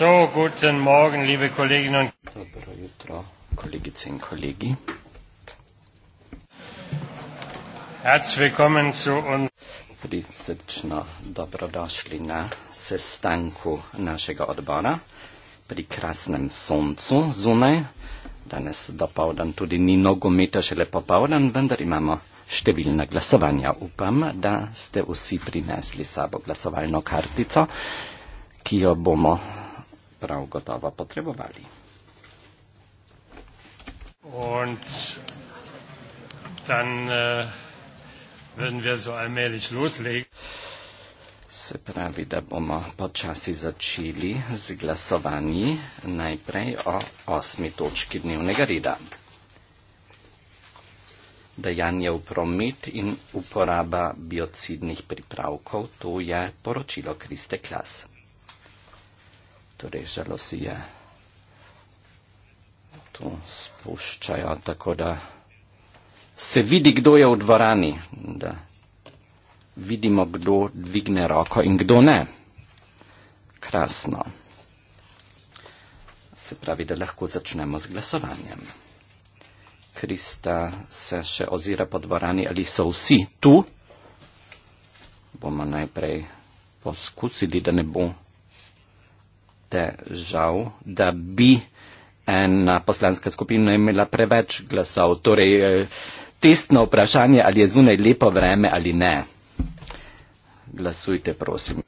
So, guten Morgen, liebe Kolleginnen und Dobro jutro, kolegice in kolegi. Herz willkommen zu uns. Prisrčno dobrodošli na sestanku našega odbora pri krasnem soncu zunaj. Danes dopoldan tudi ni nogometa, šele popoldan, vendar imamo številna glasovanja. Upam, da ste vsi prinesli sabo glasovalno kartico, ki jo bomo prav gotovo potrebovali. Und dann äh, würden wir so allmählich loslegen. Se pravi, da bomo počasi začeli z glasovanji najprej o osmi točki dnevnega reda. Dajanje v promet in uporaba biocidnih pripravkov, to je poročilo Kriste Klas torej žalosije tu spuščajo, tako da se vidi, kdo je v dvorani, da vidimo, kdo dvigne roko in kdo ne. Krasno. Se pravi, da lahko začnemo z glasovanjem. Krista se še ozira po dvorani, ali so vsi tu. Bomo najprej poskusili, da ne bo težav, da bi ena poslanska skupina imela preveč glasov. Torej, eh, testno vprašanje, ali je zunaj lepo vreme ali ne. Glasujte, prosim.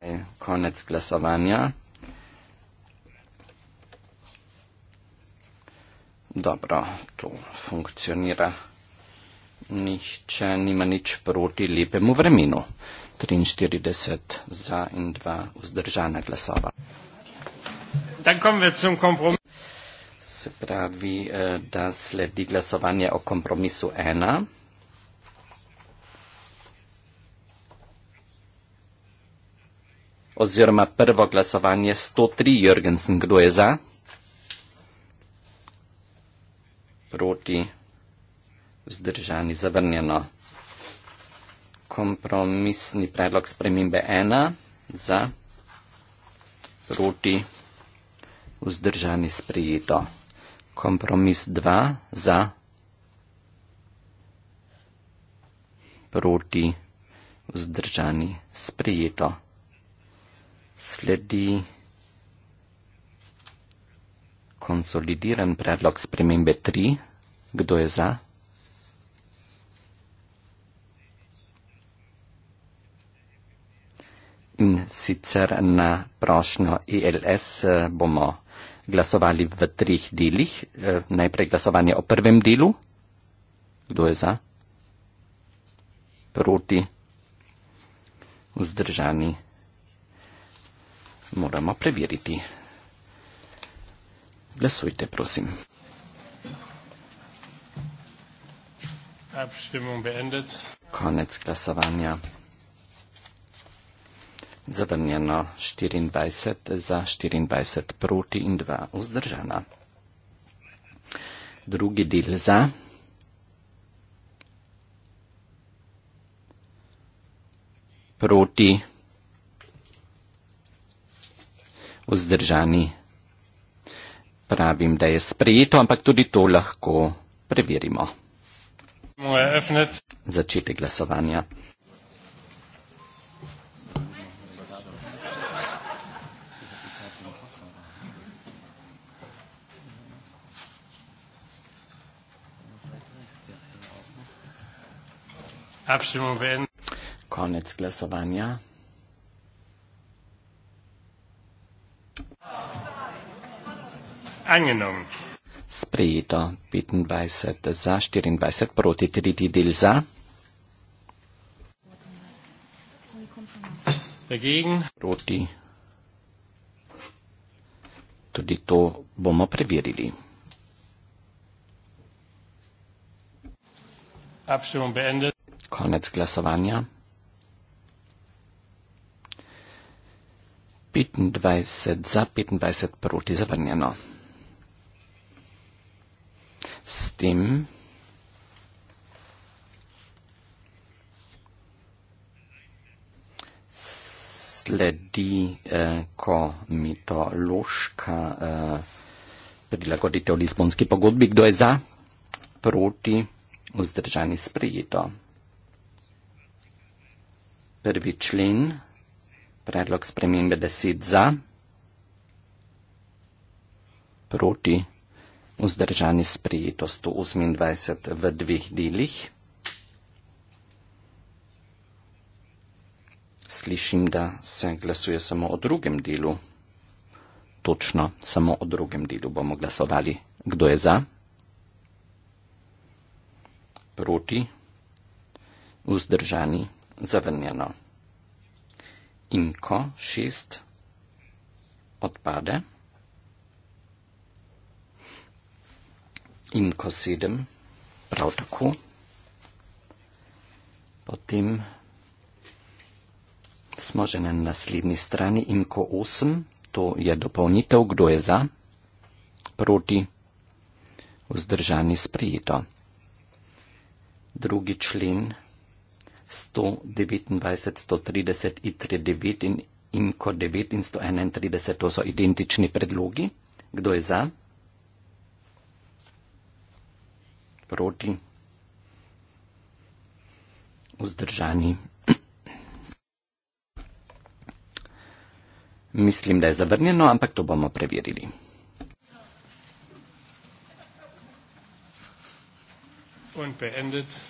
Eh, konec glasovanja. Dobro, to funkcionira nihče nima nič proti lepemu vremenu. 43 za in 2 vzdržana glasova. Se pravi, eh, da sledi glasovanje o kompromisu 1. Oziroma prvo glasovanje 103 Jürgensen, kdo je za? Proti vzdržani zavrnjeno. Kompromisni predlog spremembe 1 za proti vzdržani sprejeto. Kompromis 2 za proti vzdržani sprejeto. Sledi konsolidiran predlog spremembe 3. Kdo je za? sicer na prošnjo ILS e eh, bomo glasovali v trih delih. Eh, najprej glasovanje o prvem delu. Kdo je za? Proti? Vzdržani? Moramo preveriti. Glasujte, prosim. Konec glasovanja zavrnjeno 24 za 24 proti in 2 vzdržana. Drugi del za. Proti. Vzdržani. Pravim, da je sprejeto, ampak tudi to lahko preverimo. Začetek glasovanja. Konec glasovanja. Angenom. Sprejeto 25 za 24 proti tretji del za. Dagegen. Proti. Tudi to bomo preverili. Abstimmung beendet konec glasovanja. 25 za, 25 proti zavrnjeno. S tem sledi, eh, ko mi to loška eh, prilagoditev Lizbonski pogodbi, kdo je za, proti, vzdržani sprejeto. Prvi člen, predlog spremembe 10 za, proti, vzdržani sprejeto 128 v dveh delih. Slišim, da se glasuje samo o drugem delu. Točno, samo o drugem delu bomo glasovali. Kdo je za? Proti, vzdržani 128 zavrnjeno. Inko šest odpade. Inko sedem prav tako. Potem smo že na naslednji strani. Inko osem, to je dopolnitev, kdo je za, proti, vzdržani sprijeto. Drugi člen. 129, 130, ITR 9 in INCO 9 in 131, to so identični predlogi. Kdo je za? Proti? Vzdržani? Mislim, da je zavrnjeno, ampak to bomo preverili. Und beendet.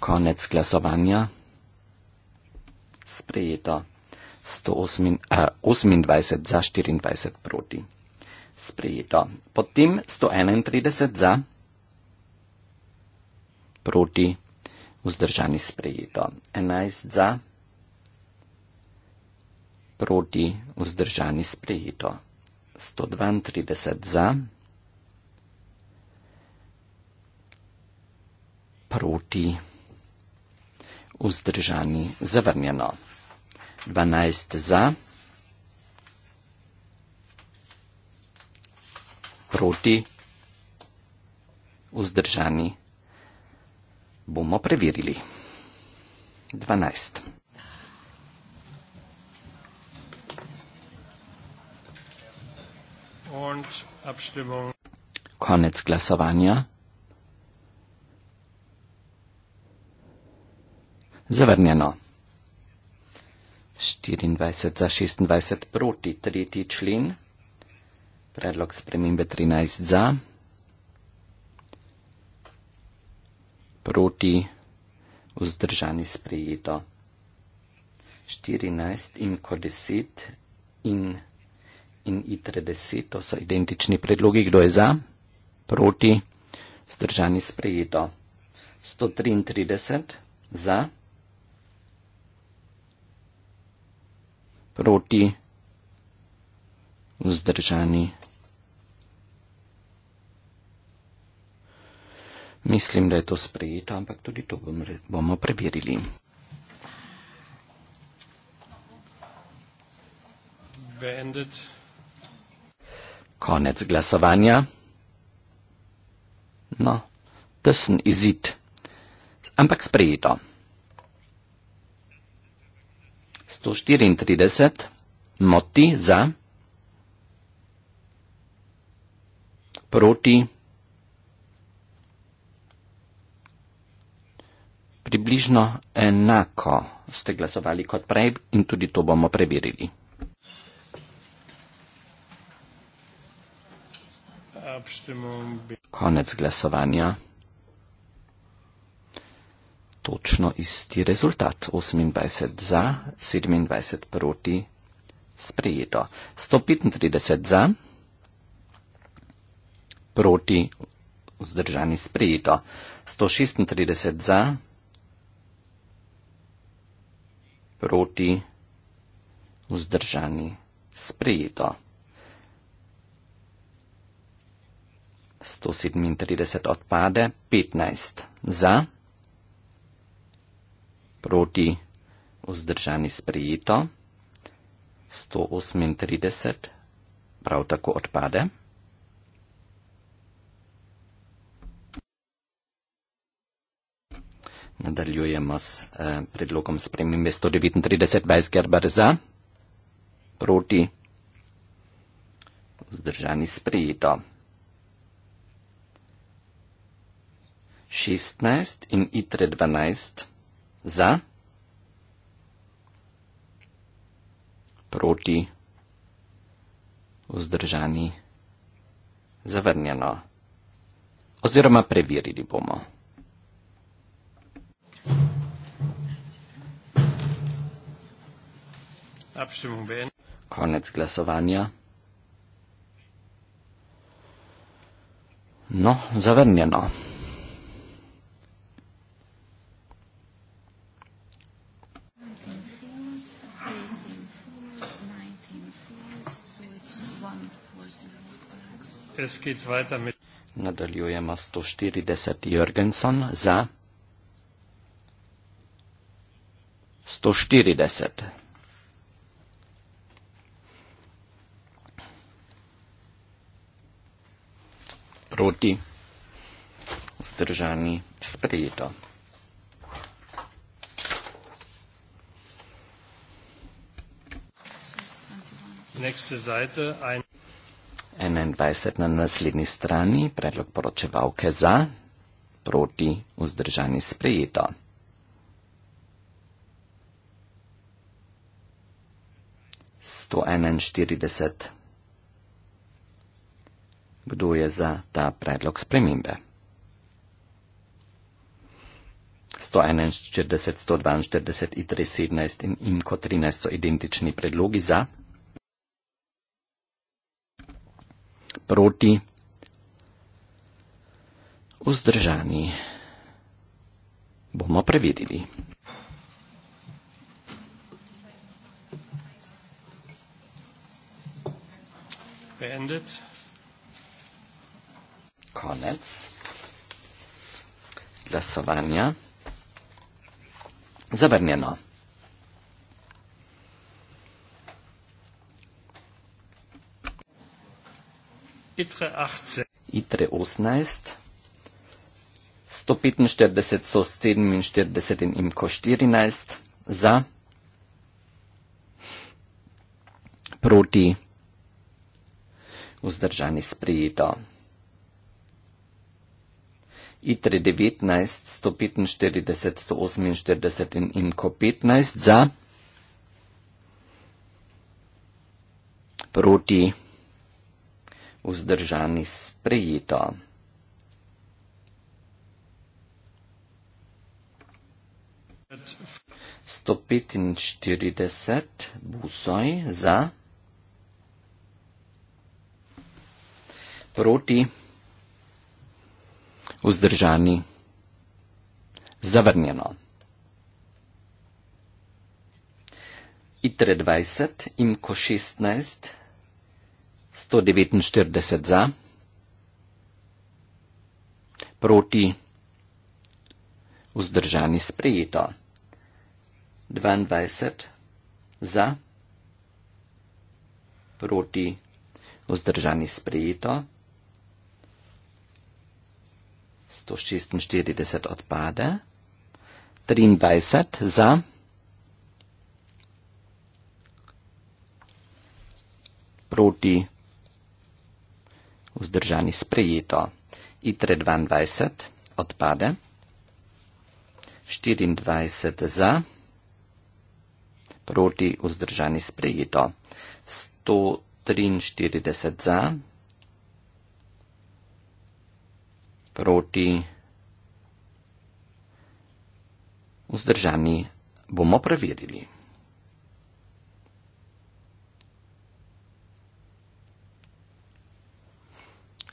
Konec glasovanja. Sprejeto. 128 eh, za 24 proti. Sprejeto. Potem 131 za proti. Vzdržani sprejeto. 11 za proti. Vzdržani sprejeto. 132 za proti vzdržani zavrnjeno. 12 za, proti, vzdržani bomo preverili. 12. Konec glasovanja. zavrnjeno. 24 za 26 proti 3. člen, predlog spremembe 13 za, proti vzdržani sprejeto. 14 in ko 10 in, in itre 10, to so identični predlogi, kdo je za, proti vzdržani sprejeto. 133 za. proti zdržani. Mislim, da je to sprejeto, ampak tudi to bomo preverili. Bandit. Konec glasovanja. No, tesen izid. Ampak sprejeto. 134 moti za, proti, približno enako ste glasovali kot prej in tudi to bomo preverili. Konec glasovanja točno isti rezultat, 28 za, 27 proti, sprejeto. 135 za, proti, vzdržani, sprejeto. 136 za, proti, vzdržani, sprejeto. 137 odpade, 15 za, proti vzdržani sprejeto, 138 prav tako odpade. Nadaljujemo s eh, predlogom spremembe 139 Weisgerber za, proti vzdržani sprejeto. 16 in itre 12 za, proti, vzdržani, zavrnjeno. Oziroma preverili bomo. Konec glasovanja. No, zavrnjeno. Nadaljujemo 140 Jürgenson za 140. Proti. Zdržani. Sprejeto. Nächste Seite ein 21 na naslednji strani, predlog poročevalke za, proti, vzdržani sprejeto. Sto enainštirideset. Kdo je za ta predlog spremembe? Sto enainštirideset, sto dvainštirideset, itri sedemnajst in inko trinajst so identični predlogi za. proti, vzdržani. Bomo prevedili. Beendet. Konec glasovanja. Zabrnjeno. ITRE 18. ITRE 18. 145 so 47 in, in ko 14 za. Proti. Vzdržani sprejeto. ITRE 19, 145, 148 in IMKO 15 za. Proti vzdržani sprejeto. Sto petinštirideset busoj za proti vzdržani zavrnjeno. Itre dvajset in ko šestnajst 149 za, proti vzdržani sprejeto. 22 za, proti vzdržani sprejeto. 146 odpade. 23 za, proti vzdržani sprejeto vzdržani sprejeto. ITRE 22 odpade, 24 za, proti vzdržani sprejeto, 143 za, proti vzdržani bomo preverili.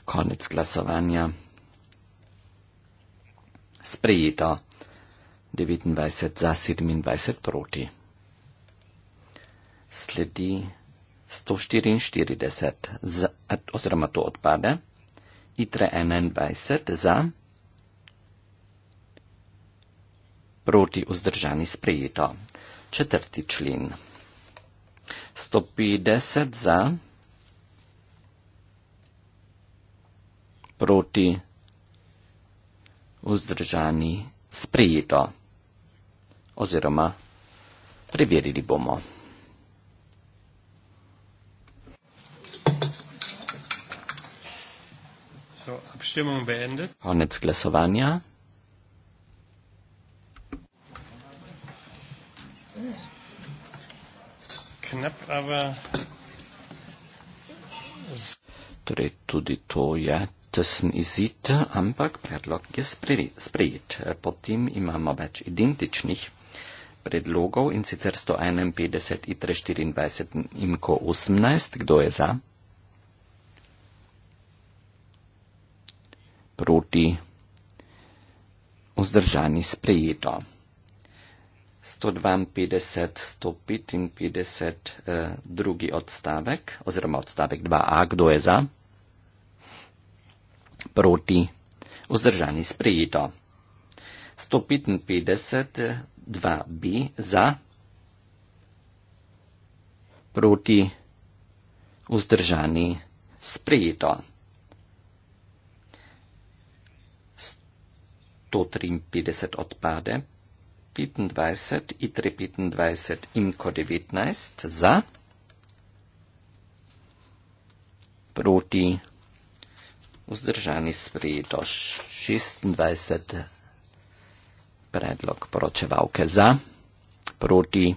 Konec glasovanja. Sprejeto. 29 za 27 proti. Sledi 144, za, oziroma to odpade. ITRE 21 za. Proti vzdržani sprejeto. Četrti člen. 150 za. proti, vzdržani, sprejeto. Oziroma, preverili bomo. Konec glasovanja. Knap, aber... Torej, tudi to je tessen izite ampak predlog je sprejet. Potem imamo več identičnih predlogov in sicer 151 i 324 in ko 18, kdo je za? Proti. Vzdržani sprejeto. 152, 155, eh, drugi odstavek, oziroma odstavek 2a, kdo je za? proti, vzdržani sprejeto. 155, 2b za, proti, vzdržani sprejeto. 153 odpade, 25, i 325 in ko 19 za, proti, vzdržani sprejeto vzdržani sprejeto 26 predlog poročevalke za, proti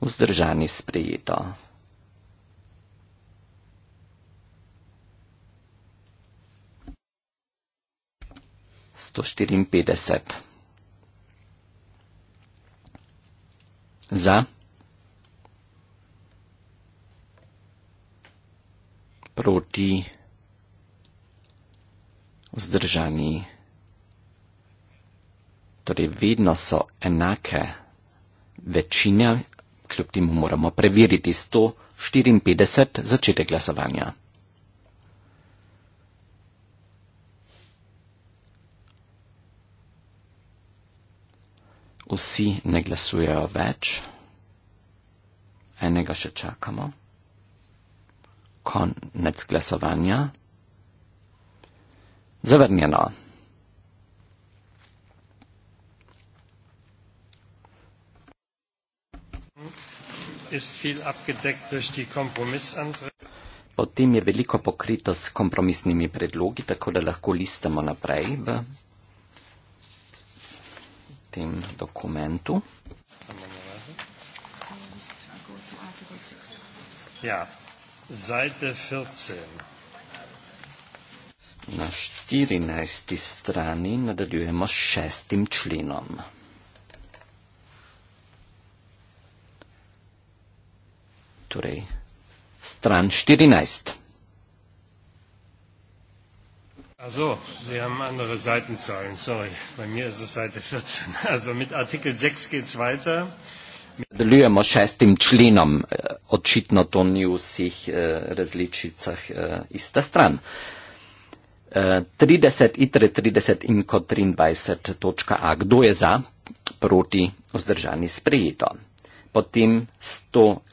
vzdržani sprejeto. sto štiriinpetdeset za proti vzdržani, torej vedno so enake večine, kljub temu moramo preveriti 154 začetek glasovanja. Vsi ne glasujejo več, enega še čakamo. Konec glasovanja. Zavrnjeno. Potem je veliko pokrito s kompromisnimi predlogi, tako da lahko listamo naprej v tem dokumentu. Ja, zajte 14. Na 14. strani nadaljujemo s šestim členom. Torej, stran 14. Also, Sie haben andere Seitenzahlen, sorry. Bei mir ist es Seite 14. Also mit Artikel 6 geht es weiter. Nadaljujemo šestim členom. Očitno to ni v vseh eh, različicah eh, ista stran. Eh, 30 itre 30 in kot 23 točka A. Kdo je za? Proti vzdržani sprejeto. Potem 181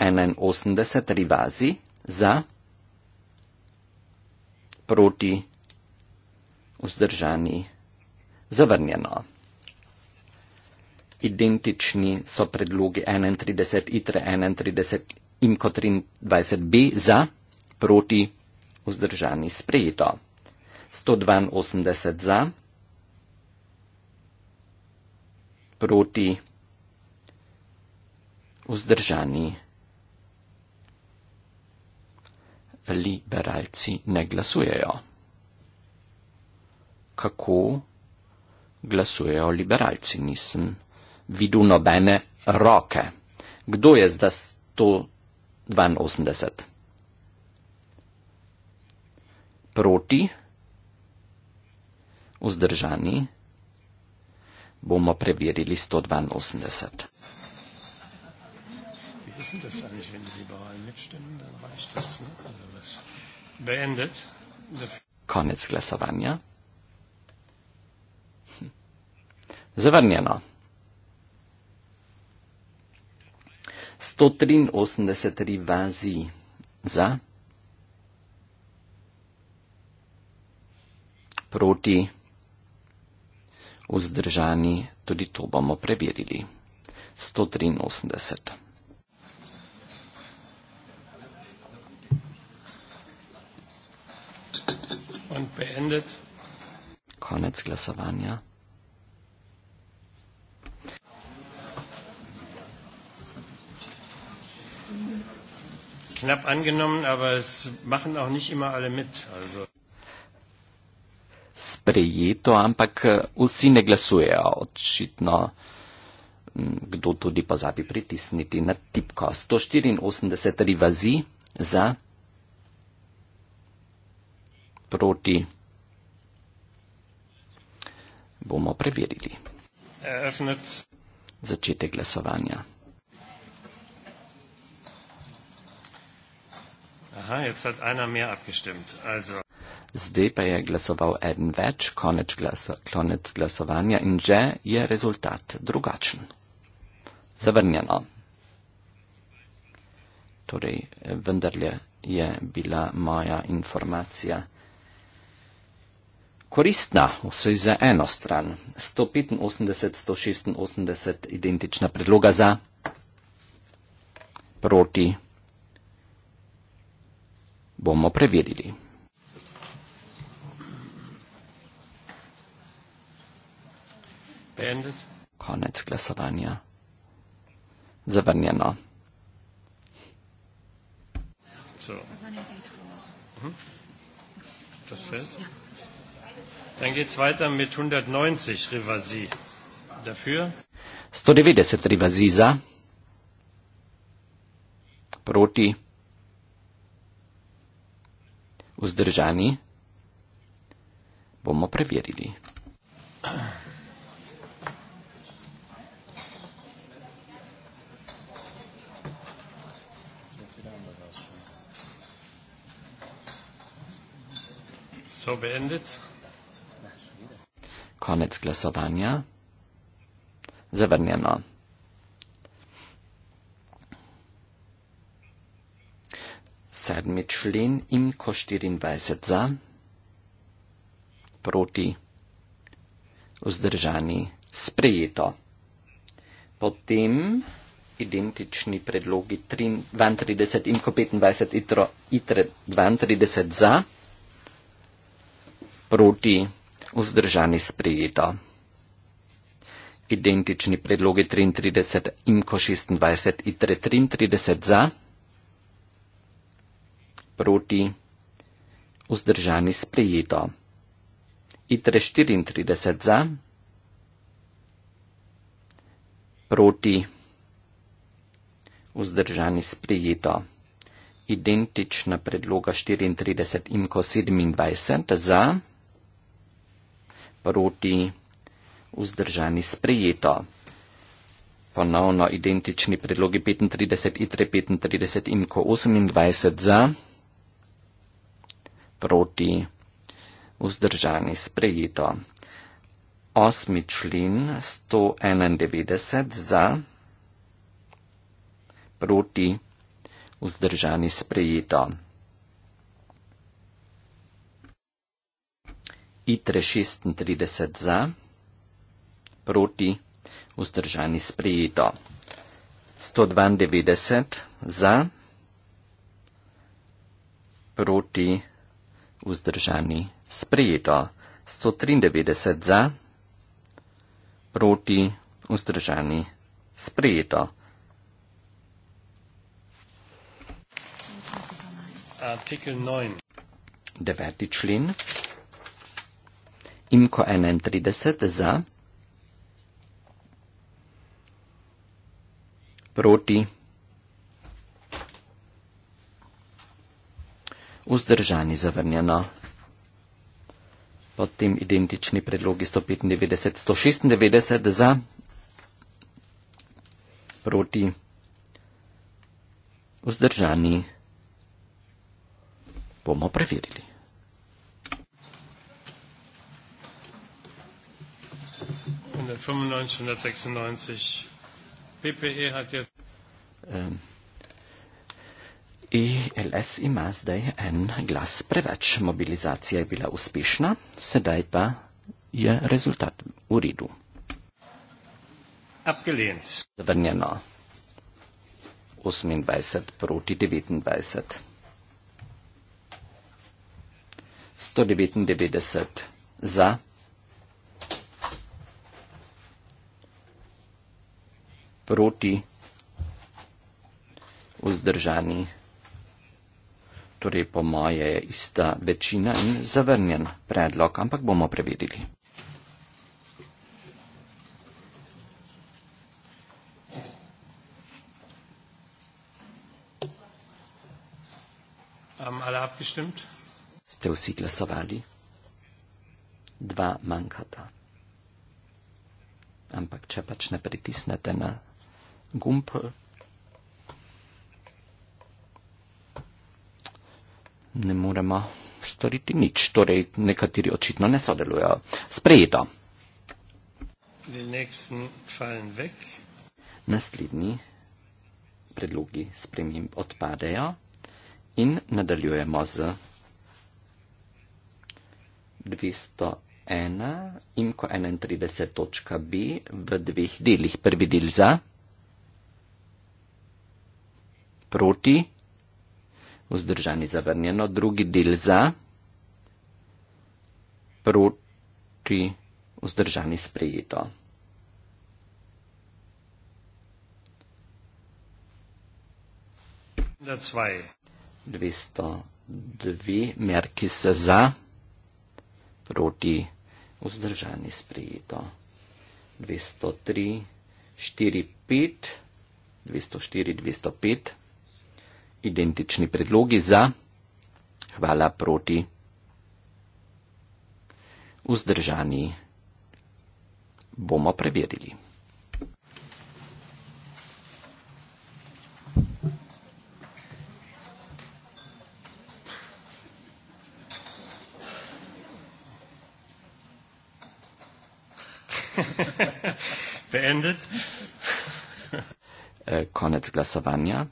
rivazi za. Proti vzdržani zavrnjeno. Identični so predlogi 31 itre 31 in kot 23 B za. Proti vzdržani sprejeto. 182 za, proti vzdržani liberalci ne glasujejo. Kako glasujejo liberalci? Nisem videl nobene roke. Kdo je zdaj 182? Proti vzdržani, bomo preverili 182. Konec glasovanja. Zavrnjeno. 183 rivazi za, proti vzdržani, tudi to bomo preverili. 183. Konec glasovanja. Knapp angenommen, aber es machen auch nicht immer alle mit. Also sprejeto, ampak eh, vsi ne glasujejo. Očitno, kdo tudi pozabi pritisniti na tipko. 184 rivazi za, proti. Bomo preverili. Öffnet. Začetek glasovanja. Aha, jetzt hat einer mehr abgestimmt. Also zdaj pa je glasoval eden več, konec, glaso, konec glasovanja in že je rezultat drugačen. Zavrnjeno. Torej, vendarle je bila moja informacija koristna, vse za eno stran. 185, 186 identična predloga za, proti. Bomo preverili. Konec glasovanja. Zavrnjeno. Mhm. Dann geht's weiter mit 190 Rivasi. Dafür? 190 Rivasi za. Proti. Uzdržani. Bomo preverili. so beendet. Konec glasovanja. Zavrnjeno. Sedmi člen in ko 24 za, proti, vzdržani, sprejeto. Potem identični predlogi 32 in ko 25 itro, itre 32 za proti vzdržani sprejeto. Identični predlogi 33 in ko 26 in 33 za, proti vzdržani sprejeto. Itre 34 za, proti vzdržani sprejeto. Identična predloga 34 in ko 27 za, proti vzdržani sprejeto proti, vzdržani sprejeto. Ponovno identični predlogi 35, itre 35 in ko 28 za, proti, vzdržani sprejeto. Osmi člin 191 za, proti, vzdržani sprejeto. ITRE 36 za, proti, vzdržani sprejeto. 192 za, proti, vzdržani sprejeto. 193 za, proti, vzdržani sprejeto. Artikel 9. 9. člen. Imko 31 za, proti, vzdržani zavrnjeno. Potem identični predlogi 195, 196 za, proti, vzdržani. Bomo preverili. 1995. PPE hat jetzt. ILS ähm, e ima zdaj en glas preveč. Mobilizacija je bila uspešna, sedaj pa je rezultat v redu. Abgelehnt. Zavrnjeno. 28 proti 29. 199 za. proti vzdržani. Torej, po moje je ista večina in zavrnjen predlog, ampak bomo preverili. Ste vsi glasovali? Dva manjkata. Ampak če pač ne pritisnete na Gumpe. Ne moremo storiti nič, torej nekateri očitno ne sodelujo. Sprejeto. Naslednji predlogi sprememb odpadejo in nadaljujemo z 201 in ko 31.b v dveh delih. Prvi del za proti, vzdržani zavrnjeno, drugi del za, proti, vzdržani sprejeto. Dvesto dve merki se za, proti, vzdržani sprejeto. Dvesto tri, štiri, pet, dvesto štiri, dvesto pet identični predlogi za, hvala proti, vzdržani. Bomo preverili. Eh, konec glasovanja.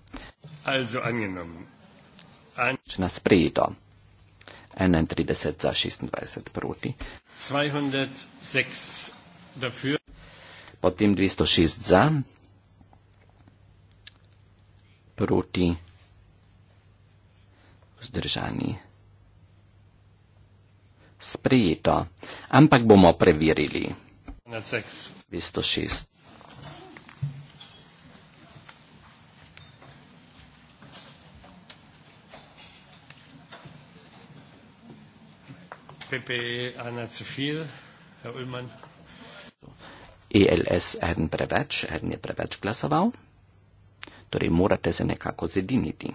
Na sprejeto. 31 za 26 proti. 206 dafür. Potem 206 za. Proti. Vzdržani. Sprejeto. Ampak bomo preverili. 206. PPE Anna zu viel. Herr Ullmann. ELS eden preveč, eden je preveč glasoval. Torej morate se nekako zediniti.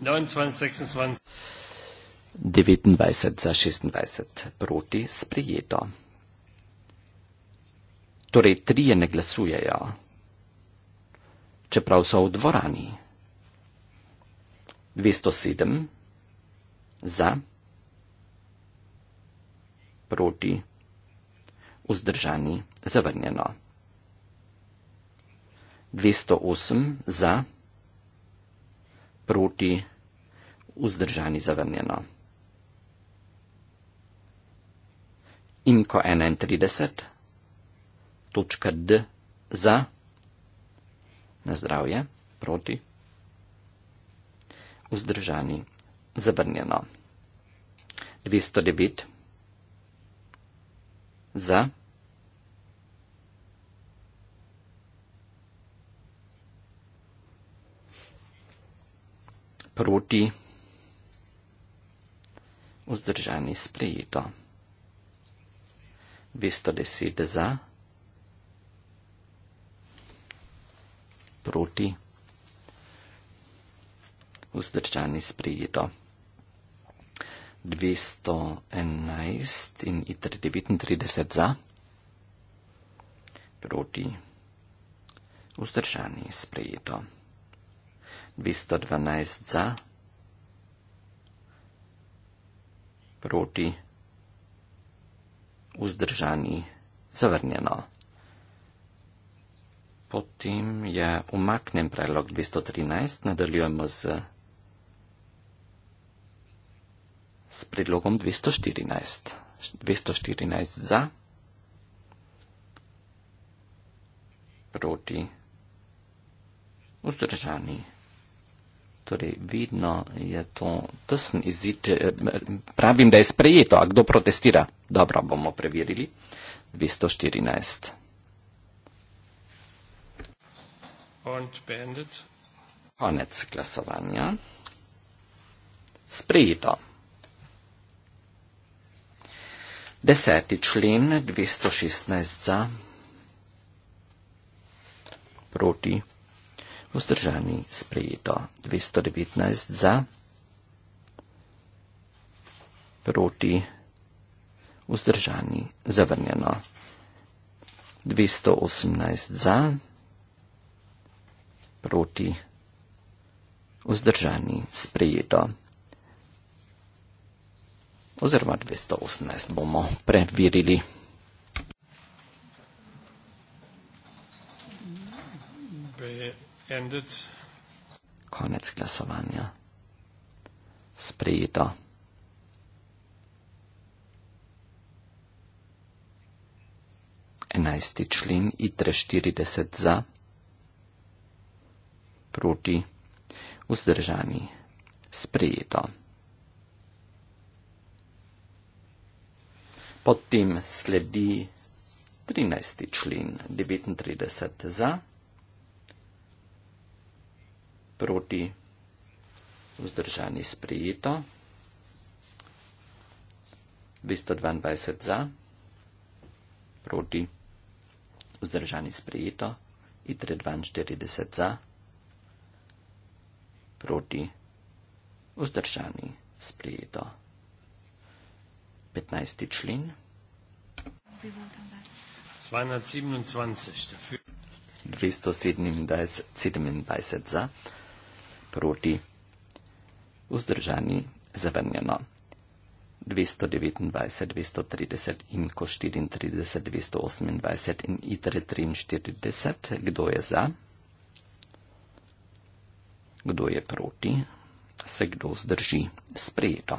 29 za 26 proti sprejeto. Torej trije ne glasujejo, čeprav so v dvorani. 207 za, proti, vzdržani, zavrnjeno. 208 za, proti, vzdržani, zavrnjeno. Imko 31, točka D za, na zdravje, proti, vzdržani, zavrnjeno zavrnjeno. 209 za 5 proti vzdržani sprejeto. 210 za proti vzdržani sprejeto. 211 in i39 za, proti, vzdržani, sprejeto. 212 za, proti, vzdržani, zavrnjeno. Potem je umaknem predlog 213, nadaljujemo z s predlogom 214. 214 za, proti, vzdržani. Torej, vidno je to tesen izid. Eh, pravim, da je sprejeto, a kdo protestira? Dobro, bomo preverili. 214. Konec glasovanja. Sprejeto. Deseti člen 216 za proti vzdržani sprejeto 219 za proti vzdržani zavrnjeno 218 za proti vzdržani sprejeto 219 za oziroma 218 bomo preverili. Konec glasovanja. Sprejeto. Enajsti člen ITRE 40 za, proti, vzdržani, sprejeto. Potem sledi 13. člen 39 za, proti vzdržani sprejeto, 222 za, proti vzdržani sprejeto, itre 42 za, proti vzdržani sprejeto. 15. člen. 227 za, proti, vzdržani, zavrnjeno. 229, 230 in ko 34, 228 in itre 43. Kdo je za? Kdo je proti? Se kdo zdrži? Sprejeto.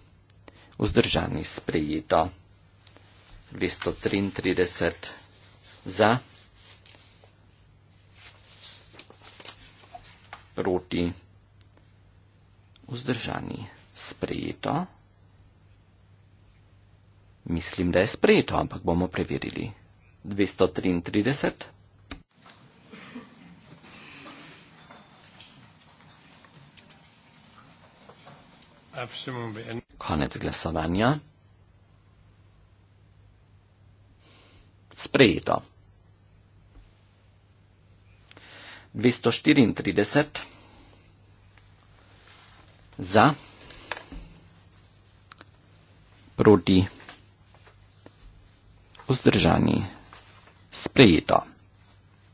vzdržani sprejeto. 233 za, proti, vzdržani sprejeto. Mislim, da je sprejeto, ampak bomo preverili. 233 za. Konec glasovanja. Sprejeto. 234 za, proti, vzdržani, sprejeto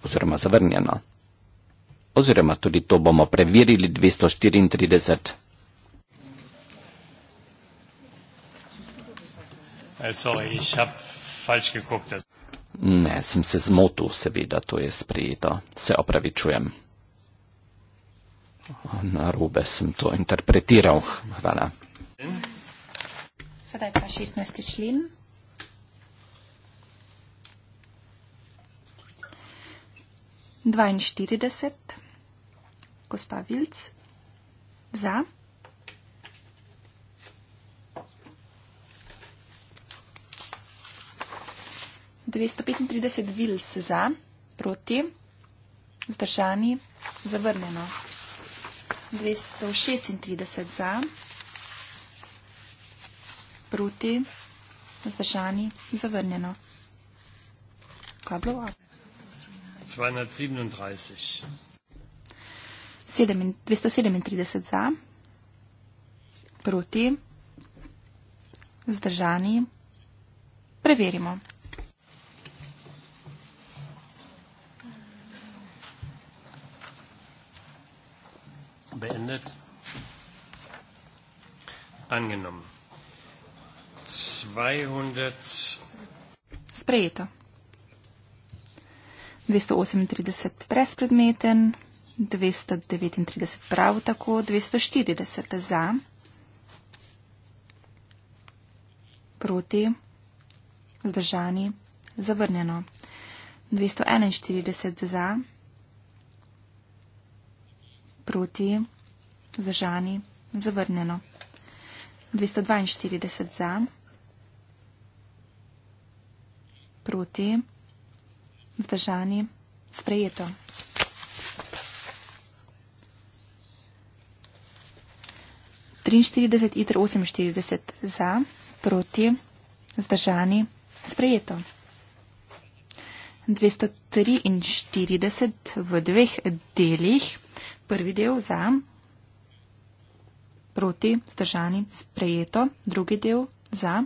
oziroma zavrnjeno. Oziroma tudi to bomo preverili 234. Eh, sorry, ich habe falsch geguckt. Ne, sem se zmotil, seveda, to je sprejeto. Se opravičujem. Na robe sem to interpretiral. Hvala. Sedaj pa 16. člen. Dvainštirideset, gospa Vilc, za. 235 vils za, proti, vzdržani, zavrnjeno. 236 za, proti, vzdržani, zavrnjeno. Kablova. 237 za, proti, vzdržani, preverimo. 237 za, proti, vzdržani, preverimo. beendet. Angenommen. 200. Sprejeto. 238 brezpredmeten, 239 prav tako, 240 za, proti, vzdržani, zavrnjeno. 241 za proti, zdržani, zavrnjeno. 242 za, proti, zdržani, sprejeto. Trinštirideset, itr, oseminštirideset za, proti, zdržani, sprejeto. 243 v dveh delih. Prvi del za, proti, zdržani, sprejeto. Drugi del za,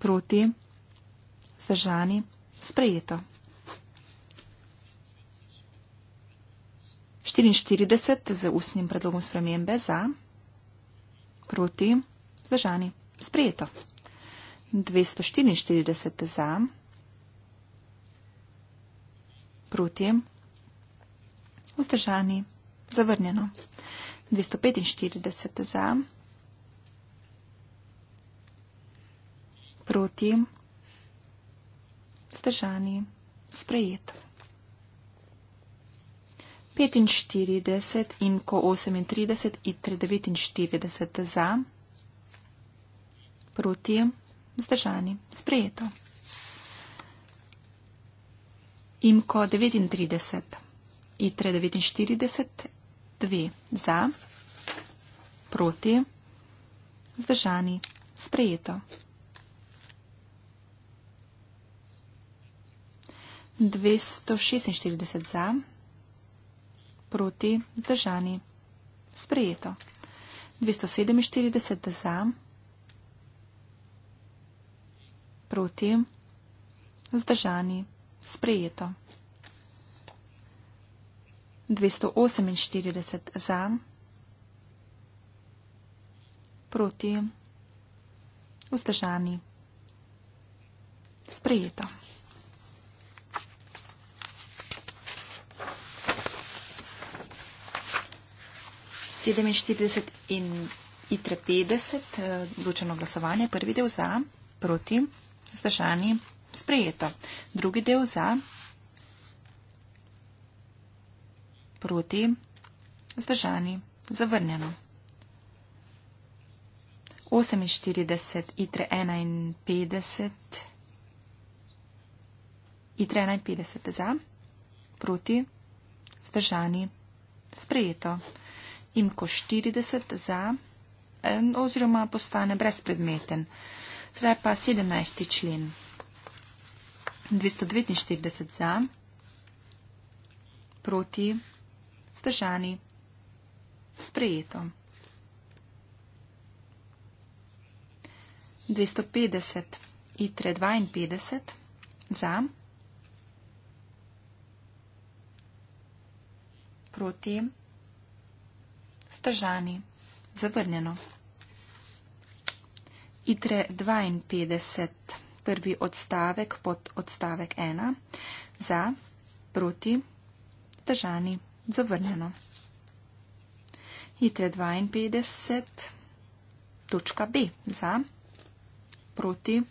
proti, zdržani, sprejeto. 44 z ustnim predlogom spremembe za, proti, zdržani, sprejeto. 244 za, proti, zdržani, sprejeto proti, vzdržani, zavrnjeno, 245 za, proti, vzdržani, sprejet. 45 in ko 38 in 349 za, proti, vzdržani, sprejeto. IMKO 39, ITRE 49, 2 za, proti, zdržani, sprejeto. 246 za, proti, zdržani, sprejeto. 247 za, proti, zdržani, sprejeto sprejeto. 248 za, proti, vzdržani, sprejeto. Sedeminštirideset in itre petdeset, eh, odločeno glasovanje, prvi del za, proti, vzdržani, sprejeto sprejeto. Drugi del za, proti, vzdržani, zavrnjeno. 48, itre 51, itre 51 za, proti, vzdržani, sprejeto. Imko 40 za, eh, oziroma postane brezpredmeten. Zdaj pa 17. člen. 249 za, proti, vzdržani, sprejeto. 250 itre 52 za, proti, vzdržani, zavrnjeno. ITRE 52 prvi odstavek pod odstavek 1, za, proti, držani, zavrnjeno. Hitre 52, točka B, za, proti,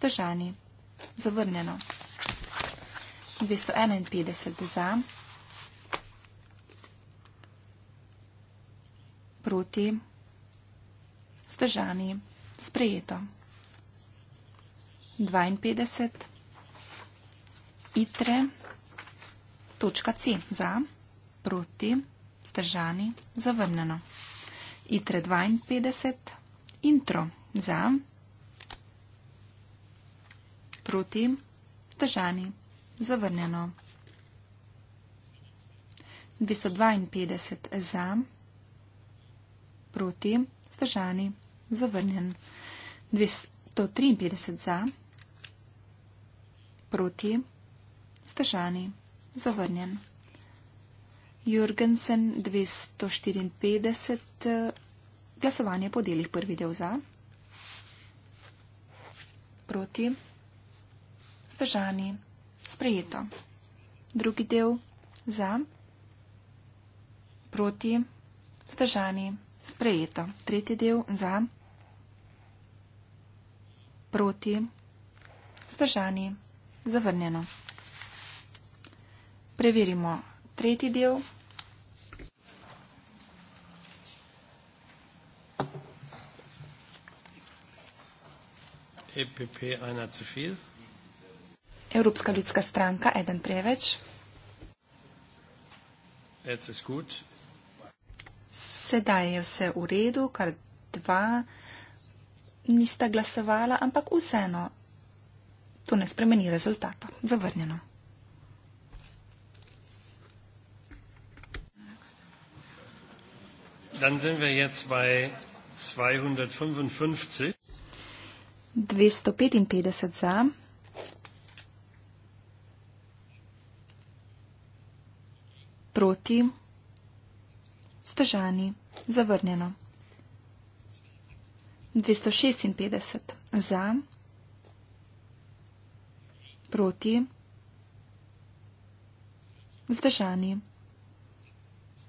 držani, zavrnjeno. 251 za, proti, zdržani, sprejeto. 52 itre točka C za, proti, zdržani, zavrnjeno. Itre 52 intro za, proti, zdržani, zavrnjeno. 252 za, proti, zdržani, zavrnjen. 253 za, proti, zdržani, zavrnjen. Proti. Zdržani. Zavrnjen. Jurgensen 254. Glasovanje po delih. Prvi del za. Proti. Zdržani. Sprejeto. Drugi del za. Proti. Zdržani. Sprejeto. Tretji del za. Proti. Zdržani. Sprejeto. Zavrnjeno. Preverimo tretji del. EPP ena cefil. Evropska ljudska stranka, eden preveč. Sedaj je vse v redu, kar dva nista glasovala, ampak vseeno To ne spremeni rezultata. Zavrnjeno. Dann sind wir jetzt bei 255. 255 za. Proti. Stežani. Zavrnjeno. 256 za proti? Vzdržani.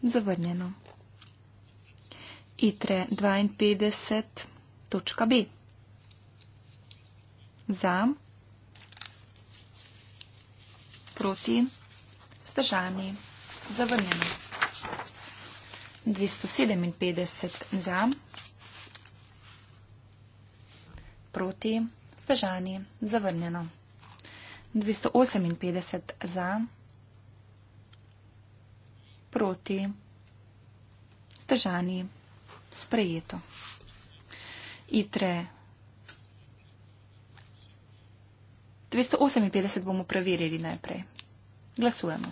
Zavrnjeno. Itre 52, točka B. Za. Proti. Vzdržani. Zavrnjeno. 257 za. Proti. Vzdržani. Zavrnjeno. 258 za, proti, zdržani, sprejeto. ITRE 258 bomo preverili najprej. Glasujemo.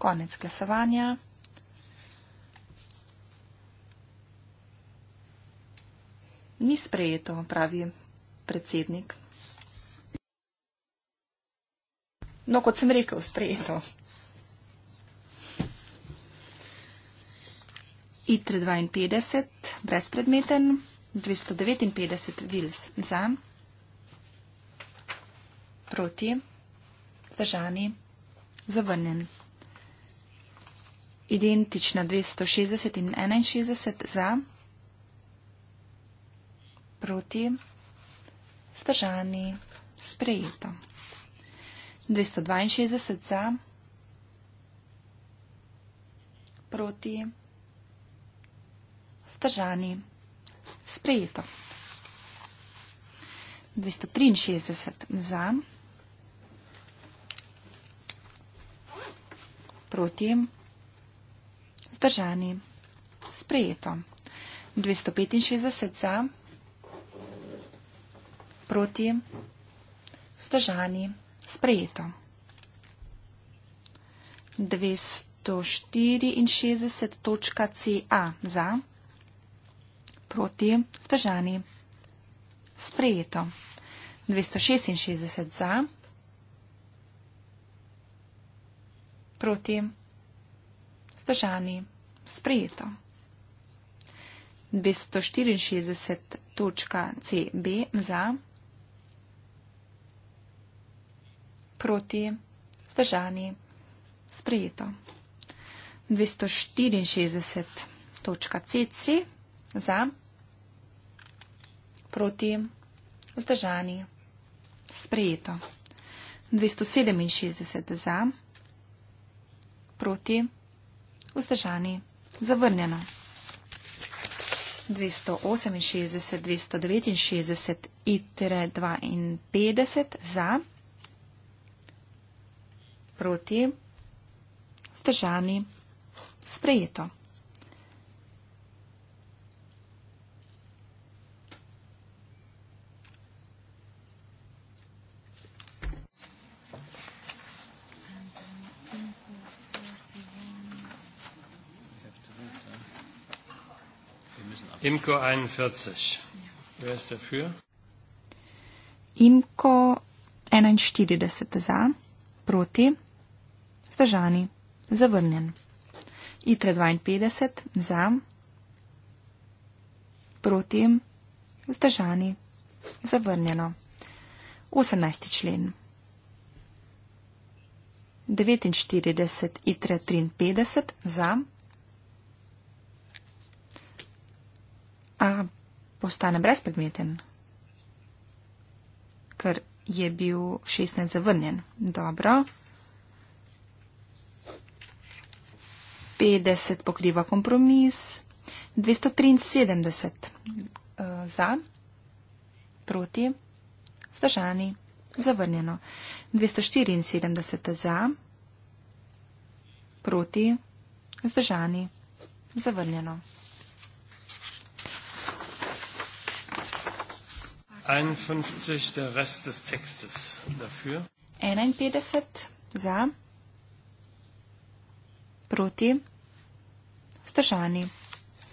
Konec glasovanja. ni sprejeto, pravi predsednik. No, kot sem rekel, sprejeto. ITRE 52, brezpredmeten, 259 VILS za, proti, zdržani, zavrnen. Identična 260 in 61 za proti, stržani, sprejeto. 262 za, proti, stržani, sprejeto. 263 za, proti, stržani, sprejeto. 265 za, proti, stržani, sprejeto. 265 za, proti vzdržani sprejeto. 264 točka CA za proti vzdržani sprejeto. 266 za proti vzdržani sprejeto. 264 točka CB za proti vzdržani sprejeto. proti, zdržani, sprejeto. 264.cc za, proti, zdržani, sprejeto. 267 za, proti, vzdržani, zavrnjeno. 268, 269, itre 52 za, proti, vzdržani, sprejeto. Imko 41. Wer ist dafür? Imko 41 za, proti, vzdržani, zavrnjen. Itre 52, za, proti, vzdržani, zavrnjeno. 18. člen. 49, itre 53, za. A postane brezpredmeten, ker je bil 16 zavrnjen. Dobro. 50 pokriva kompromis, 273 uh, eh, za, proti, zdržani, zavrnjeno. 274 za, proti, zdržani, zavrnjeno. 51 za, Proti. Stržani.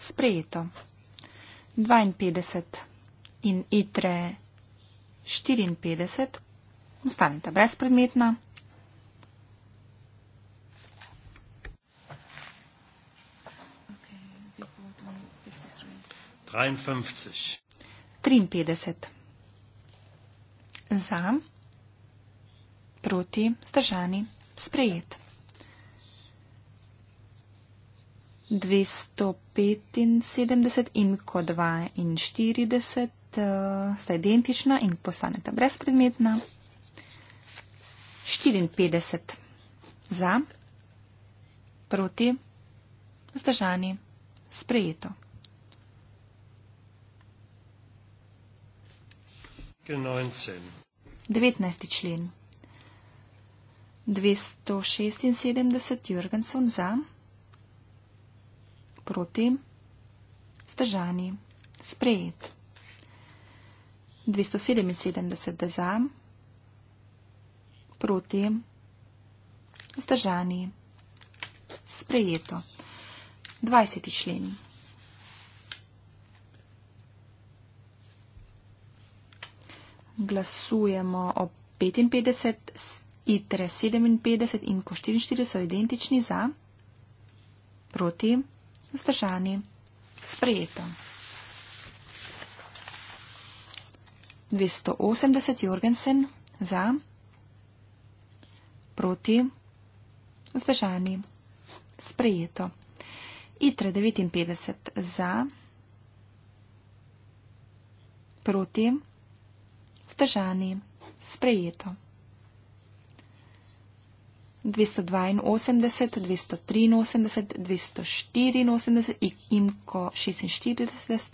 Sprejeto. 52 in itre 54 ostaneta brezpredmetna. Okay, 53. Za, proti, zdržani, sprejet. 275 in ko 42 uh, eh, sta identična in postaneta brezpredmetna. 54 za, proti, zdržani, sprejeto. Genoncen. 19. člen. 276 Jürgenson za proti, vzdržani, sprejet. 277 za, proti, vzdržani, sprejeto. 20. člen. Glasujemo o 55, itre 57 in ko 44 so identični za, proti, vzdržani. Zdržani. Sprejeto. 280 Jorgensen za. Proti. Vzdržani. Sprejeto. Itre 59 za. Proti. Vzdržani. Sprejeto. 282, 283, 284 in imko 46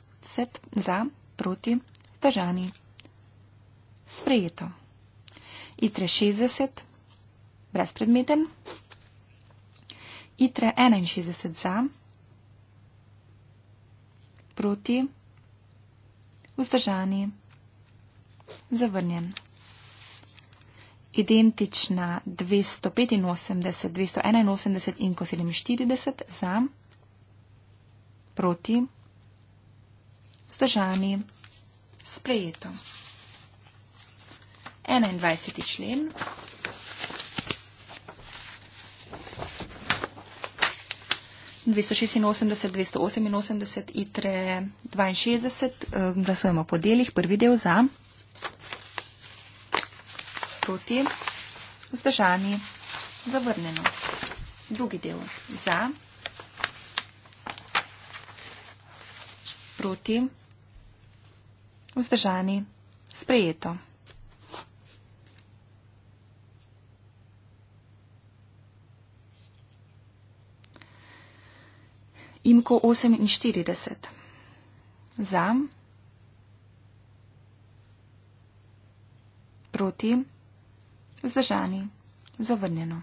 za proti vzdržani. Sprejeto. ITRE 60 brezpredmeten. ITRE 61 za proti vzdržani. Zavrnjen identična 285, 281 in ko 47 za, proti, vzdržani, sprejeto. 21. člen. dvesto šestinosemdeset, dvesto oseminosemdeset, itre dvainšestdeset, eh, glasujemo po delih, prvi del za proti, vzdržani, zavrnjeno. Drugi del za, proti, vzdržani, sprejeto. Imko 48. Za. Proti. Vzdržani. Zavrnjeno.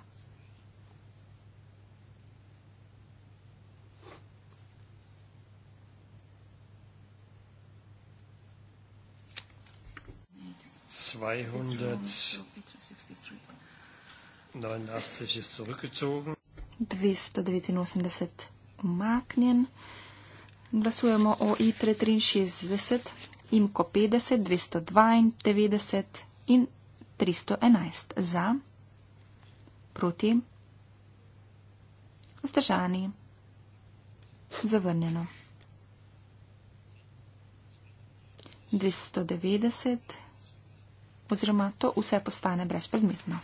Dvesto devetinosemdeset umaknjen. Glasujemo o ITRE 63, IMKO 50, 292 in 311 za, proti, vzdržani, zavrnjeno. 290 oziroma to vse postane brezpredmetno.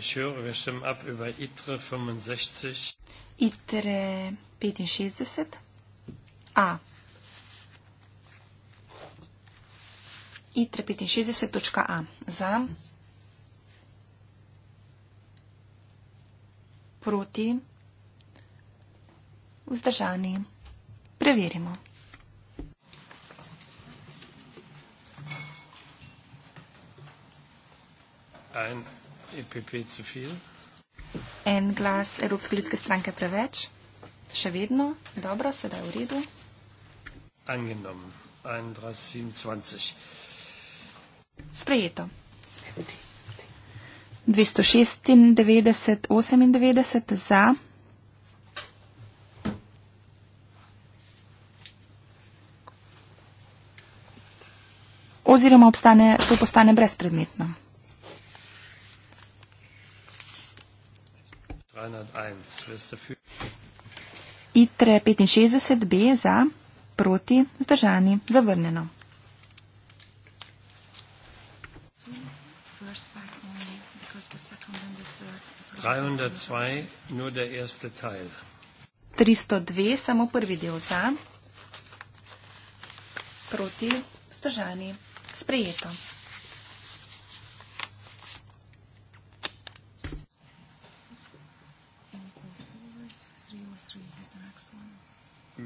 Šel, ab über ITRE 65. ITRE 65. A. ITRE 65.A. Za. Proti. Vzdržani. Preverimo. Ein. EPP Cefil. En glas Evropske ljudske stranke preveč. Še vedno. Dobro, sedaj v redu. Angenom. 21.27. Sprejeto. 296.98 za. Oziroma obstane, to postane brezpredmetno. ITRE 65B za, proti, zdržani, zavrnjeno. Tristo dve, samo prvi del za, proti, zdržani, sprejeto.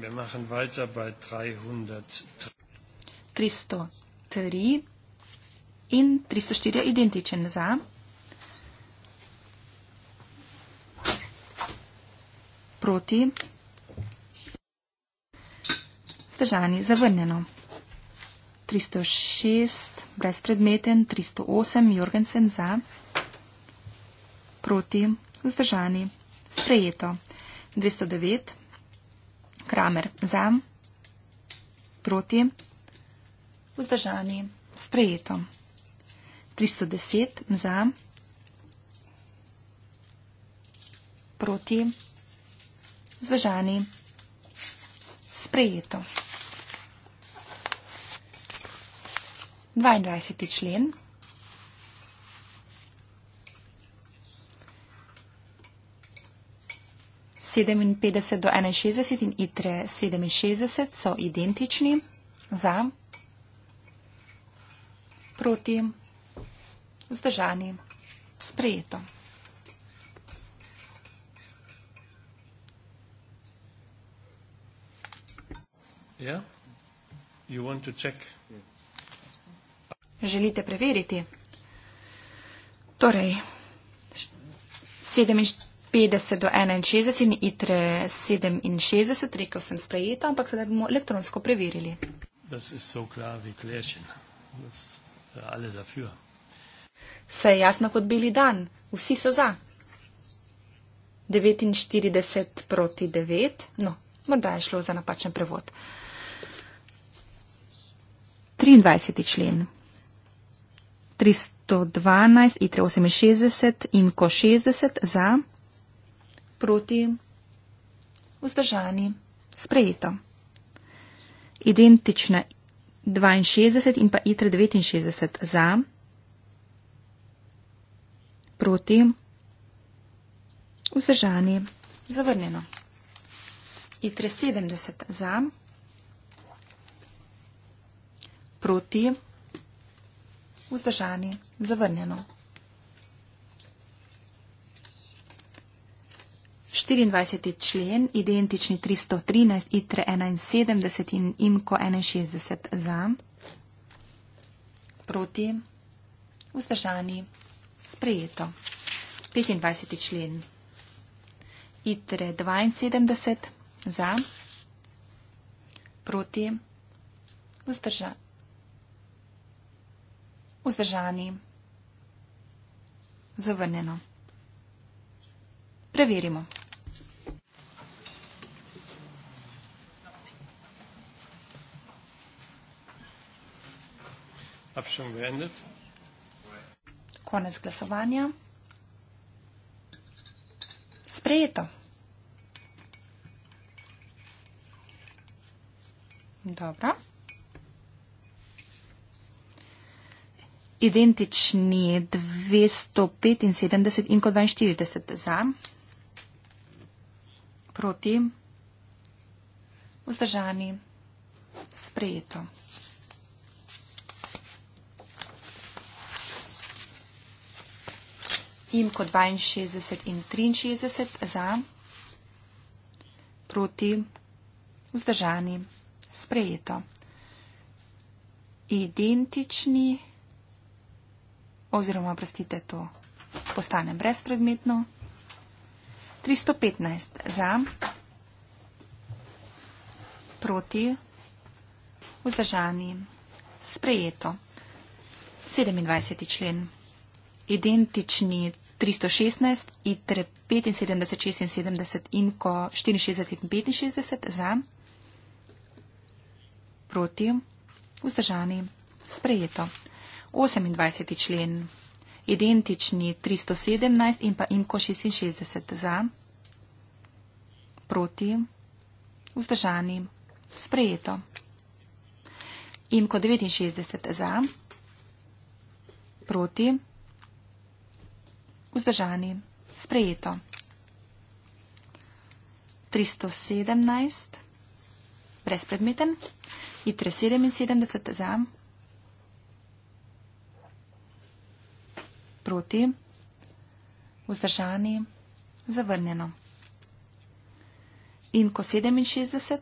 Wir machen weiter bei 303. 303 in 304 identischen Sa. Proti. Zdržani, zavrnjeno. 306, brezpredmeten. 308, Jorgensen za. Proti, vzdržani, sprejeto. 209, Kramer za, proti, vzdržani, sprejeto. 310 za, proti, vzdržani, sprejeto. 22. člen. 57 do 61 in itre 67 so identični za, proti, vzdržani, sprejeto. Ja, you want to check. Želite preveriti? Torej, 67. 50 do 61 in ITRE 67, rekel sem sprejeto, ampak sedaj bomo elektronsko preverili. Vse je jasno kot bili dan, vsi so za. 49 proti 9, no, morda je šlo za napačen prevod. 23. člen. 312, ITRE 68 in KO 60 za proti, vzdržani, sprejeto. Identične 62 in pa ITR 69 za, proti, vzdržani, zavrnjeno. ITR 70 za, proti, vzdržani, zavrnjeno. 24. člen, identični 313, ITRE 71 in IMKO 61 za, proti, vzdržani, sprejeto. 25. člen, ITRE 72 za, proti, vzdržani, vzdržani zavrnjeno. Preverimo. Abstimmung beendet. Konec glasovanja. Sprejeto. Dobro. Identični 275 in 42 za, proti, vzdržani, sprejeto. IMKO 62 in 63 za, proti, vzdržani, sprejeto. Identični oziroma, prostite, to postane brezpredmetno. 315 za, proti, vzdržani, sprejeto. 27. člen. Identični 316, ITR 75, 76 in ko 64 in 65 za, proti, vzdržani, sprejeto. 28. člen, identični 317 in pa IMKO 66 za, proti, vzdržani, sprejeto. IMKO 69 za, proti, vzdržani vzdržani. Sprejeto. 317, brezpredmeten. Itre 77 za. Proti. Vzdržani. Zavrnjeno. In ko 67.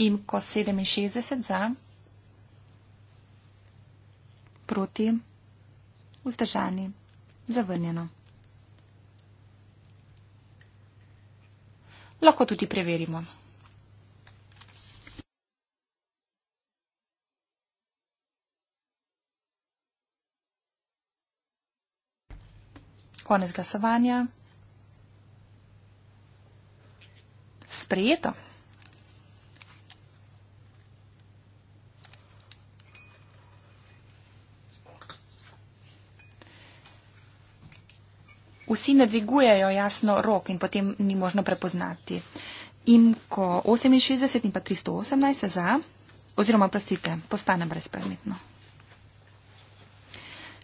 In ko 67 za. Proti. Proti. Vzdržani. Zavrnjeno. Lahko tudi preverimo. Konec glasovanja. Sprejeto. vsi ne dvigujejo jasno rok in potem ni možno prepoznati. Imko 68 in pa 318 za, oziroma prosite, postane brezpredmetno.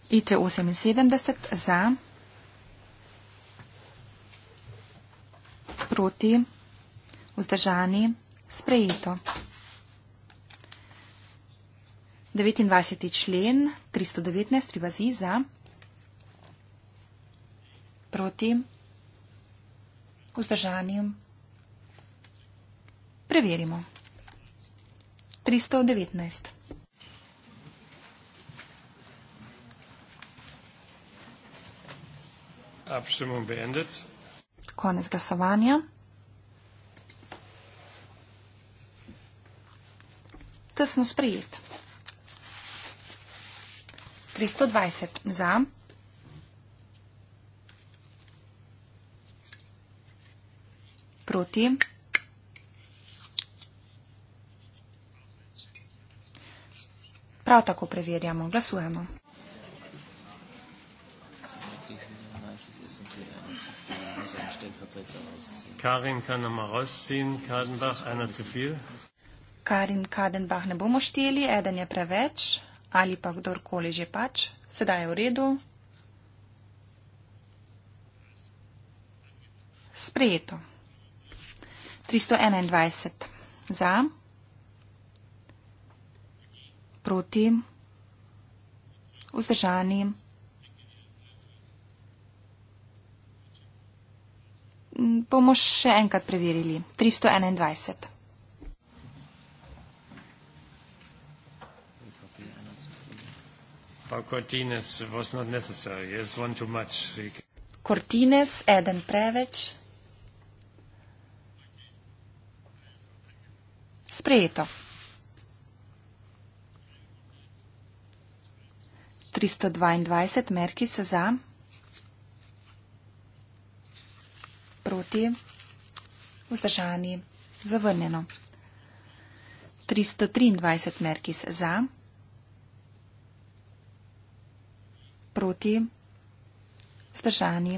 Iče 78 za, proti, vzdržani, sprejeto. 29. člen 319 vazi za proti vzdržanjem. Preverimo. 319. Abstimmung beendet. Konec glasovanja. Tesno sprejet. 320 za, Proti. Prav tako preverjamo. Glasujemo. Karin Kadenbach, Rostin, Kadenbach, ena zu viel. Karin Kadenbach ne bomo šteli, eden je preveč ali pa kdorkoli že pač. Sedaj je v redu. Sprejeto. 321 za, proti, vzdržani. Bomo še enkrat preverili. 321. Cortines, eden preveč. Sprejeto. 322 merki se za. Proti. Vzdržani. Zavrnjeno. 323 merki se za. Proti. Vzdržani.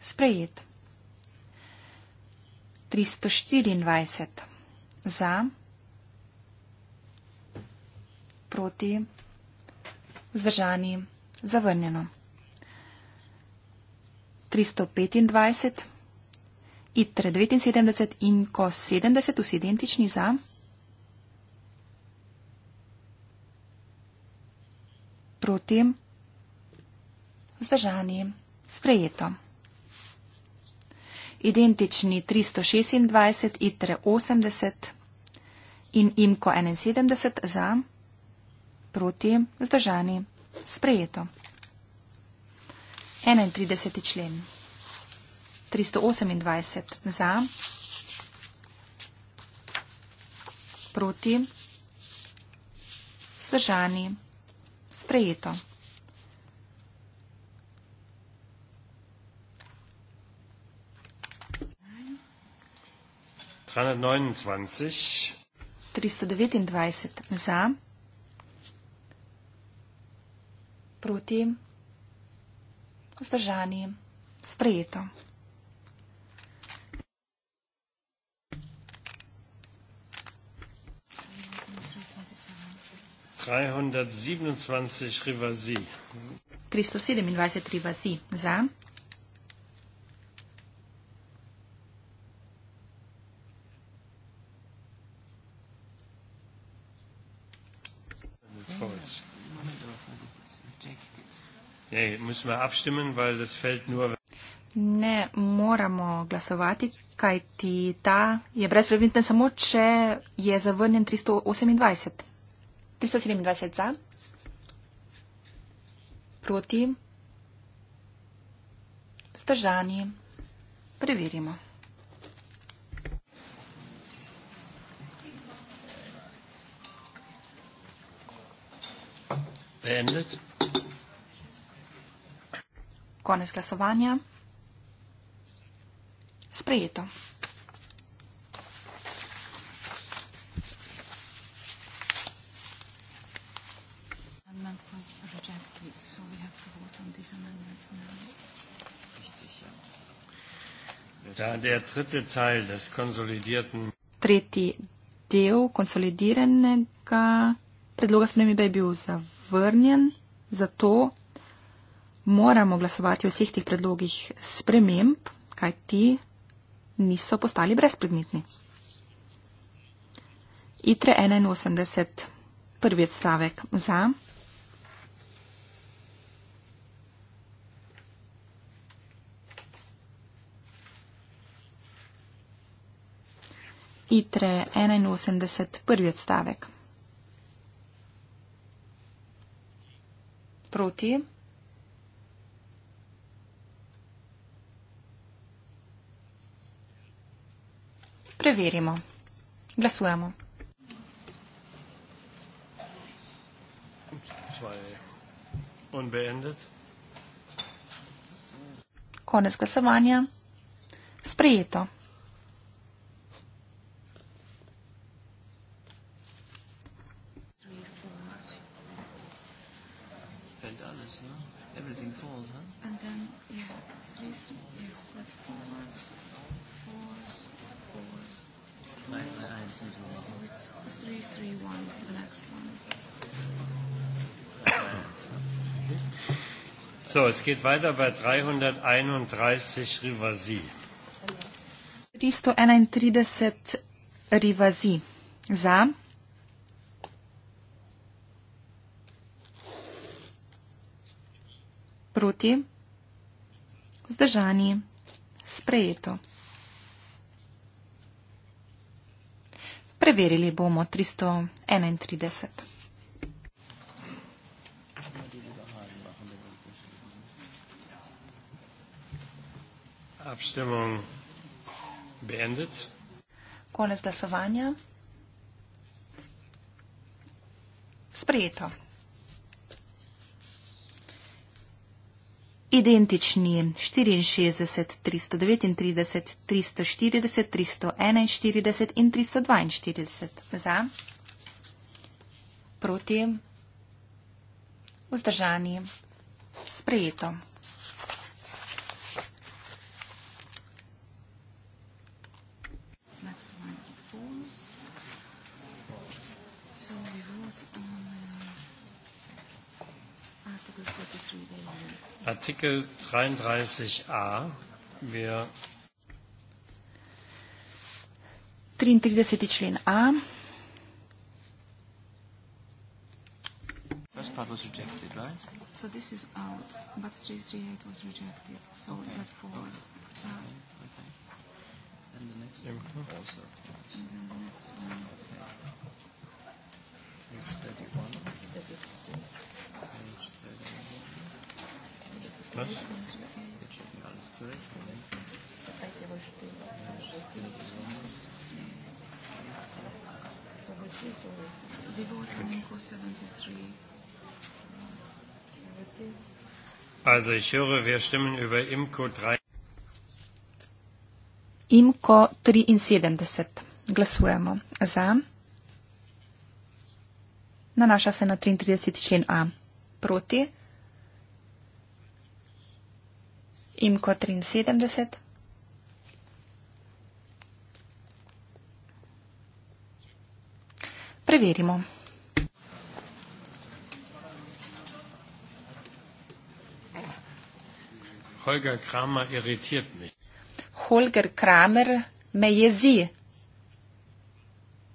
Sprejet. 324 za, proti, zdržani, zavrnjeno. 325, itre 79 in ko 70, vsi identični za. Proti, zdržani, sprejeto identični 326, ITRE 80 in IMKO 71 za, proti, zdržani, sprejeto. 31. člen. 328 za, proti, zdržani, sprejeto. 329. 329 za, proti, vzdržani, sprejeto. Trihundert siebenundzwanzig Rivasi. Tristo siedemindvajset Rivasi. Za. Ne, ne moramo glasovati, kaj ti ta je brezpredmetna samo, če je zavrnjen 328. 327 za. Proti. Zdržani. Preverimo. Beendet. Konec glasovanja. Sprejeto. Ja. Tretji del konsolidiranega predloga spremembe je bil zavrnjen, zato moramo glasovati o vseh teh predlogih sprememb, kaj ti niso postali brezpredmetni. ITRE 81, prvi odstavek za. ITRE 81, prvi odstavek. Proti. preverimo. Glasujemo. Konec glasovanja. Sprejeto. So, es geht weiter bei 331 Rivasi. 331 Rivasi. Za. Proti. Vzdržani. Sprejeto. Preverili bomo 331. Abstimmung beendet. Konec glasovanja. Sprejeto. identični 64, 339, 340, 341 in 342 za, proti, vzdržani, sprejeto. Artikel 33a. Wir 33. člen A. First part was rejected, right? So this is out, but 338 was rejected. So okay. that falls. Okay. Uh, okay. okay. And the next one also falls. And then the next one. Okay. Page 31. Page 31. Was? Also ich höre, wir stimmen über IMCO 3. IMCO 73. Glasujemo za. Nanaša se na 33. člen A. Proti. IMCO 73. Preverimo. Holger Kramer irritiert mich. Holger Kramer me jezi.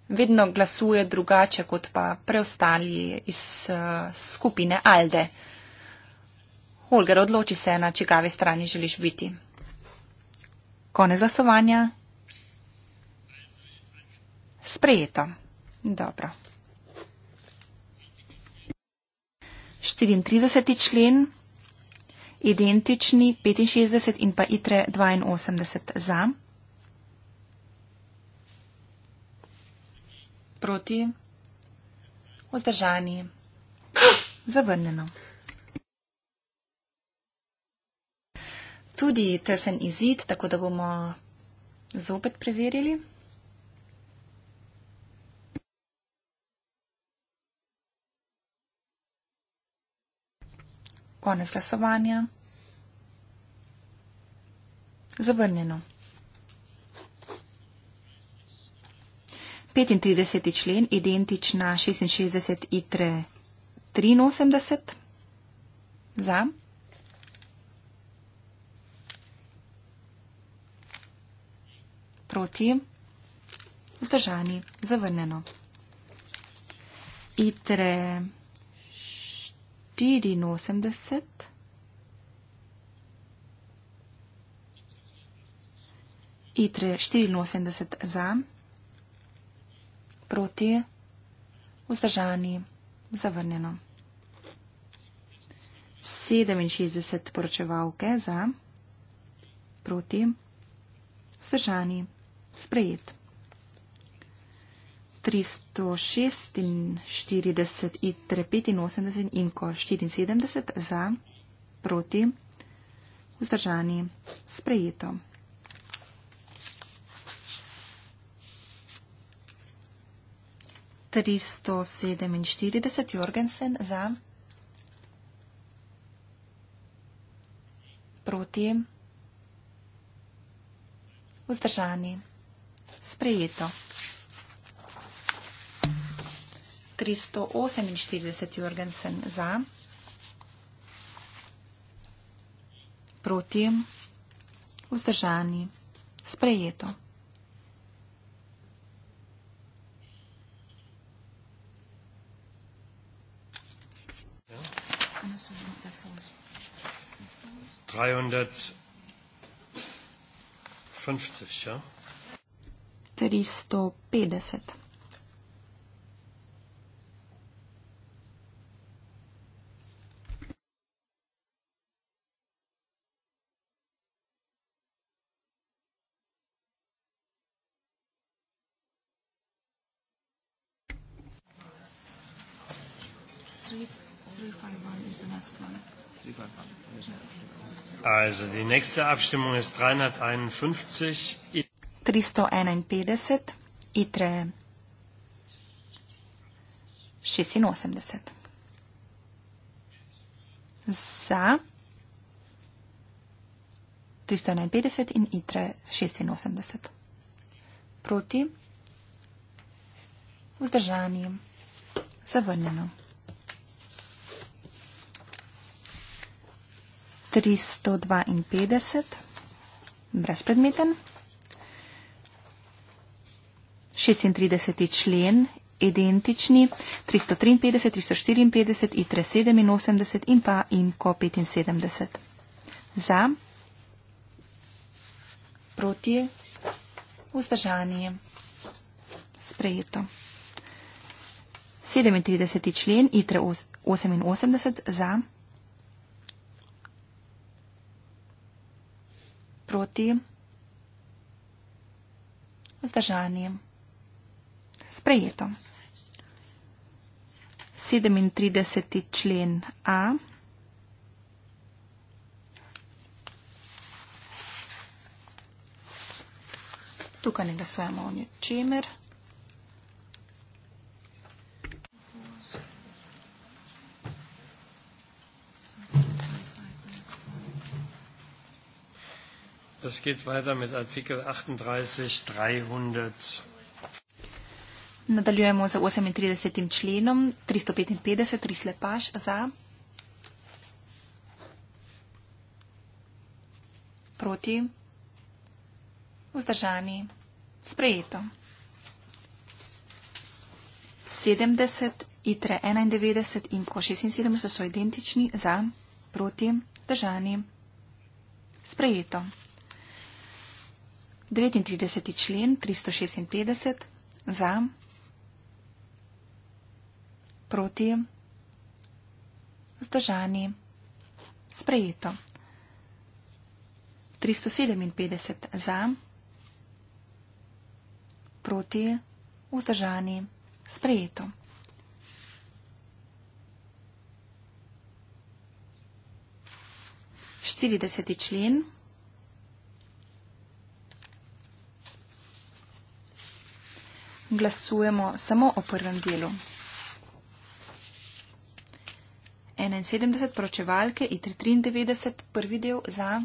Vedno glasuje drugače kot pa preostali iz uh, skupine Alde. Uh, Holger, odloči se, na čigavi strani želiš biti. Konec glasovanja. Sprejeto. Dobro. 34. člen, identični 65 in pa ITRE 82 za. Proti. Vzdržani. Zavrnjeno. tudi tesen izid, tako da bomo zopet preverili. Konec glasovanja. Zavrnjeno. 35. člen identična 66 itre 83 za. Proti. Zdržani. Zavrnjeno. Itre 84. Itre 84 za. Proti. Vzdržani. Zavrnjeno. 67 poročevalke za. Proti. Vzdržani sprejet. 346 in 85 in ko 74 za, proti, vzdržani, sprejeto. Tristo sedeminštirideset Jorgensen za, proti, vzdržani sprejeto. 348 Jorgensen za, proti, vzdržani, sprejeto. Dreihundertfünfzig, ja. 350, ja? 350. Also die nächste Abstimmung ist 351. 351 i 386. Za 351 in i 386. Proti. Vzdržani. Zavrnjeno. 352. Brezpredmeten. 36. člen, identični, 353, 354, ITRE 87 in pa IMKO 75. Za, proti, vzdržanje, sprejeto. 37. člen, ITRE 88, za, proti, vzdržanje, sprejeto sprejeto. 37. člen A. Tukaj ne glasujemo o ničemer. Das geht weiter mit Artikel 38, 300. Nadaljujemo z 38. členom 355, tri slepaš za. Proti. Vzdržani. Sprejeto. 70, itre 91 in ko 76 so identični za. Proti. Vzdržani. Sprejeto. 39. člen 356 za proti, vzdržani, sprejeto. 357 za, proti, vzdržani, sprejeto. Štirideseti člen. Glasujemo samo o prvem delu. 71 pročevalke in 93 prvi del za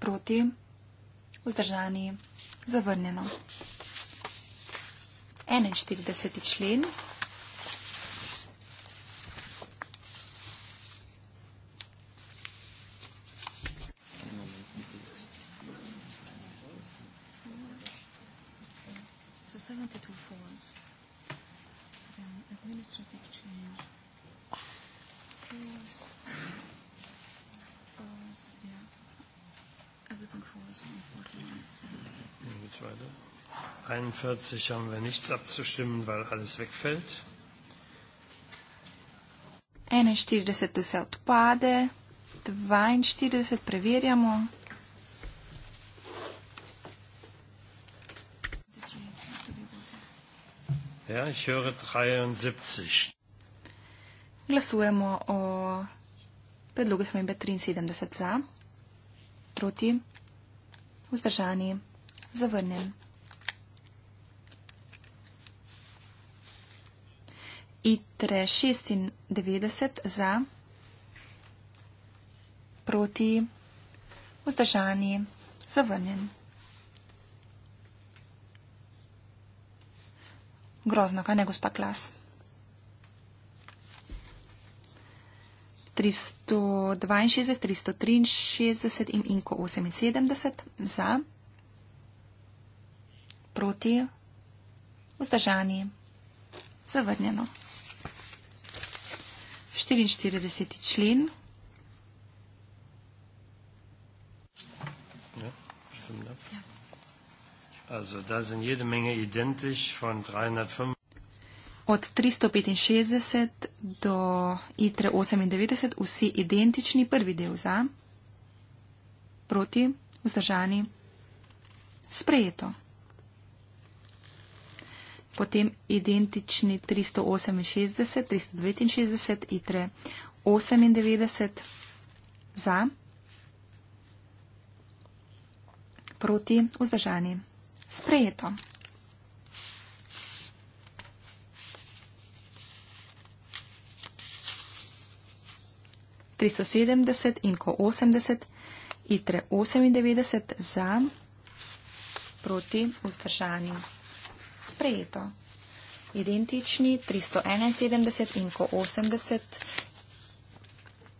proti vzdržani zavrnjeno. 41. člen. 48 haben wir nichts abzustimmen, weil alles wegfällt. 41 se odpade, 42 preverjamo. Ja, ich höre 73. Glasujemo o predlogu spremembe 73 za, proti, vzdržani, zavrnjen. ITRE 96 za, proti, vzdržani, zavrnjen. Grozno, kaj ne, gospa Klas? 362, 363 in Inko 78 za, proti, vzdržani, zavrnjeno. 44. člen. Ja, ja. Also, da sind jede Menge identisch von 365. Od 365 do ITRE 98 vsi identični prvi del za. Proti, vzdržani, sprejeto potem identični 368, 369, ITRE 98 za, proti vzdržani. Sprejeto. Tristo sedemdeset in ko osemdeset, itre osemindevetdeset za, proti vzdržanju sprejeto. Identični 371 in ko 80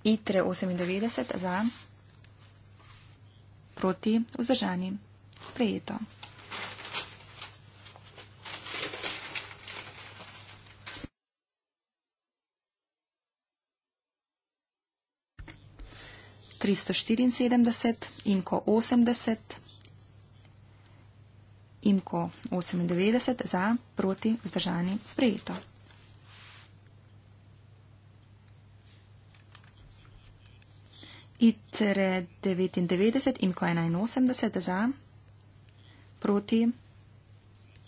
itre 98 za proti vzdržani. Sprejeto. Tristo štiriinsedemdeset in ko osemdeset. IMKO 98 za, proti, vzdržani, sprejeto. ITRE 99, IMKO 81 za, proti,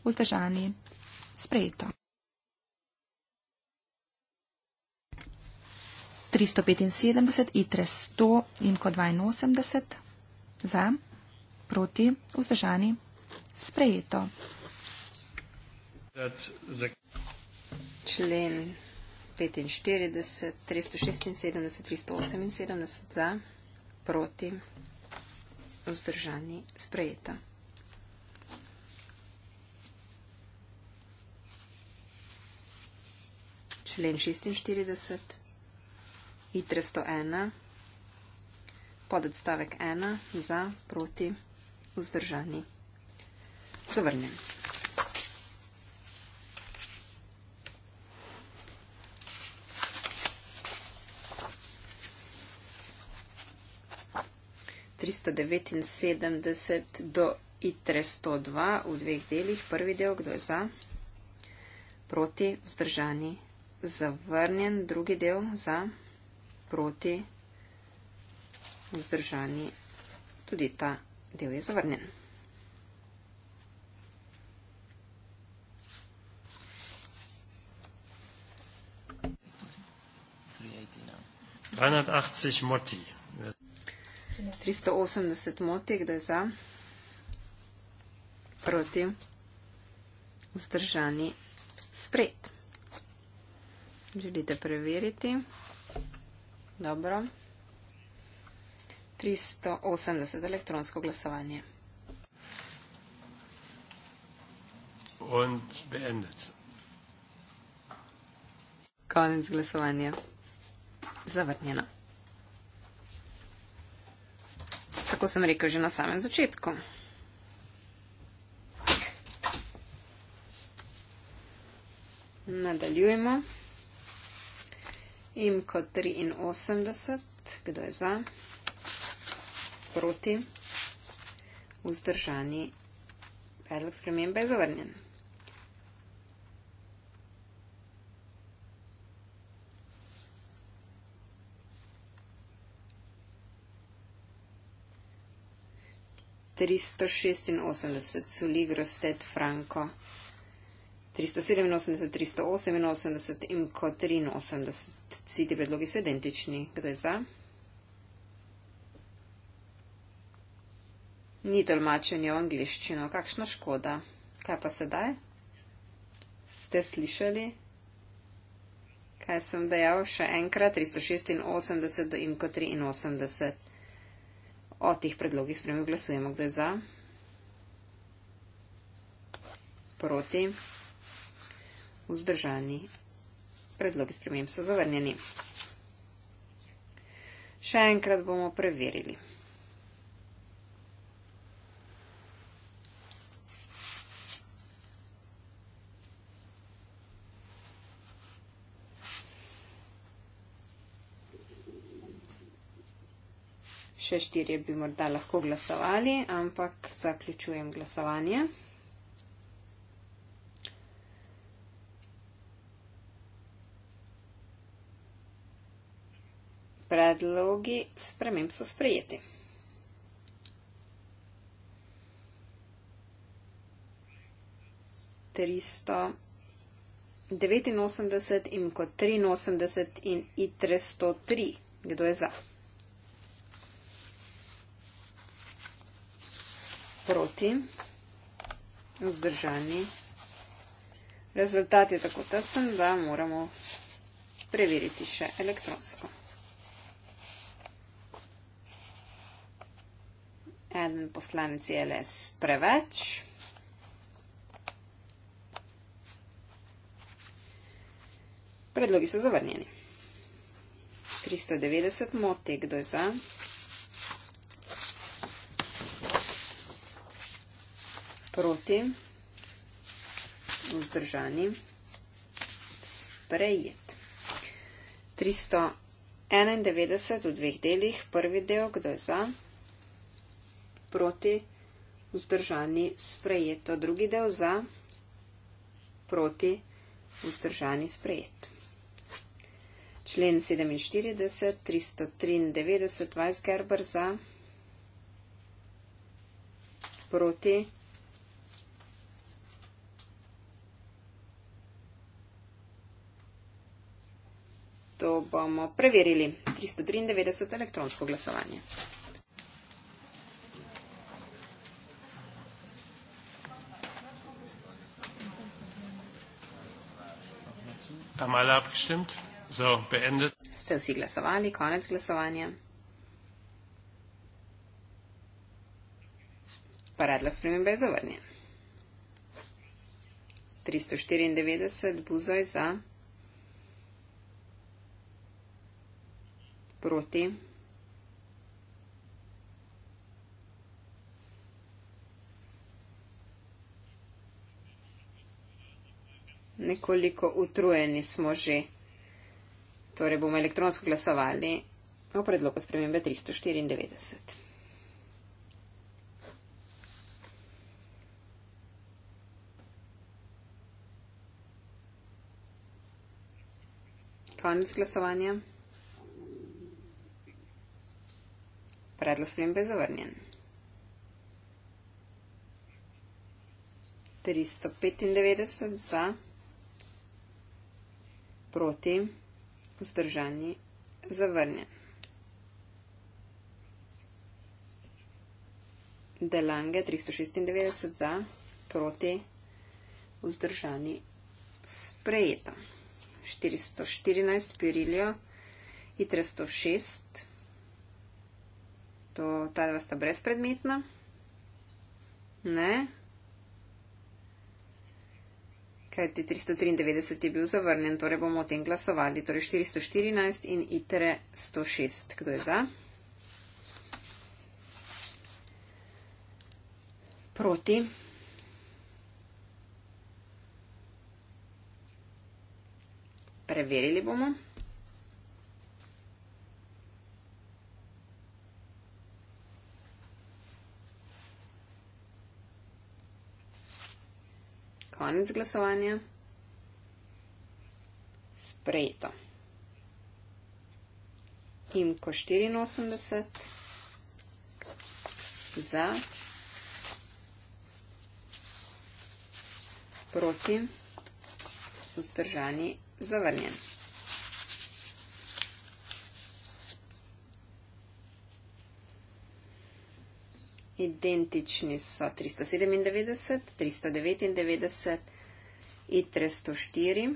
vzdržani, sprejeto. 375, ITRE 100, IMKO 82 za, proti, vzdržani, sprejeto sprejeto. Člen 45, 376, 378 za, proti, vzdržani, sprejeta. Člen 46, I301, podedstavek 1, za, proti, vzdržani, sprejeta se vrnem. tristo devetinsedemdeset do itre sto dva v dveh delih, prvi del, kdo je za, proti, vzdržani, zavrnjen, drugi del, za, proti, vzdržani, tudi ta del je zavrnjen. 380 moti. 380 moti, kdo je za? Proti. Vzdržani spred. Želite preveriti? Dobro. 380 elektronsko glasovanje. Konec glasovanja zavrnjena. Tako sem rekel že na samem začetku. Nadaljujemo. Imko 83, kdo je za, proti, vzdržani, predlog spremembe je zavrnjen. 386 soligro sted franko, 387, 388 in ko 83. Vsi ti predlogi so identični. Kdo je za? Ni tolmačenje v angliščino. Kakšna škoda. Kaj pa sedaj? Ste slišali? Kaj sem dejal še enkrat? 386 do imko 83 o teh predlogih sprememb glasujemo, kdo je za, proti, vzdržani. Predlogi sprememb so zavrnjeni. Še enkrat bomo preverili. še štirje bi morda lahko glasovali, ampak zaključujem glasovanje. Predlogi sprememb so sprejeti. Tristo devetinosemdeset in kot triinosemdeset in i tristo tri. Kdo je za? proti, vzdržani. Rezultat je tako tesen, da moramo preveriti še elektronsko. Eden poslanec je les preveč. Predlogi so zavrnjeni. 390 moti, kdo je za? proti, vzdržani, sprejet. 391 v dveh delih, prvi del, kdo je za, proti, vzdržani, sprejeto, drugi del za, proti, vzdržani, sprejet. Člen 47, 393, Weiss Gerber za, proti, vzdržani, sprejeto. to bomo preverili. 393 elektronsko glasovanje. So, Ste vsi glasovali, konec glasovanja. Predlog spremembe je zavrnjen. 394 buzoj za. proti. Nekoliko utrujeni smo že. Torej bomo elektronsko glasovali o predlogu spremembe 394. Konec glasovanja. Predlog spremembe je zavrnjen. 395 za, proti, vzdržani, zavrnjen. Delange 396 za, proti, vzdržani, sprejeto. 414 pirilijo, itre 106. To, ta dva sta brezpredmetna. Ne. Kaj ti 393 je bil zavrnjen, torej bomo o tem glasovali. Torej 414 in itere 106. Kdo je za? Proti. Preverili bomo. konec glasovanja. Sprejeto. Imko 84 za, proti, vzdržani, zavrnjeni. Identični so 397, 399 in 304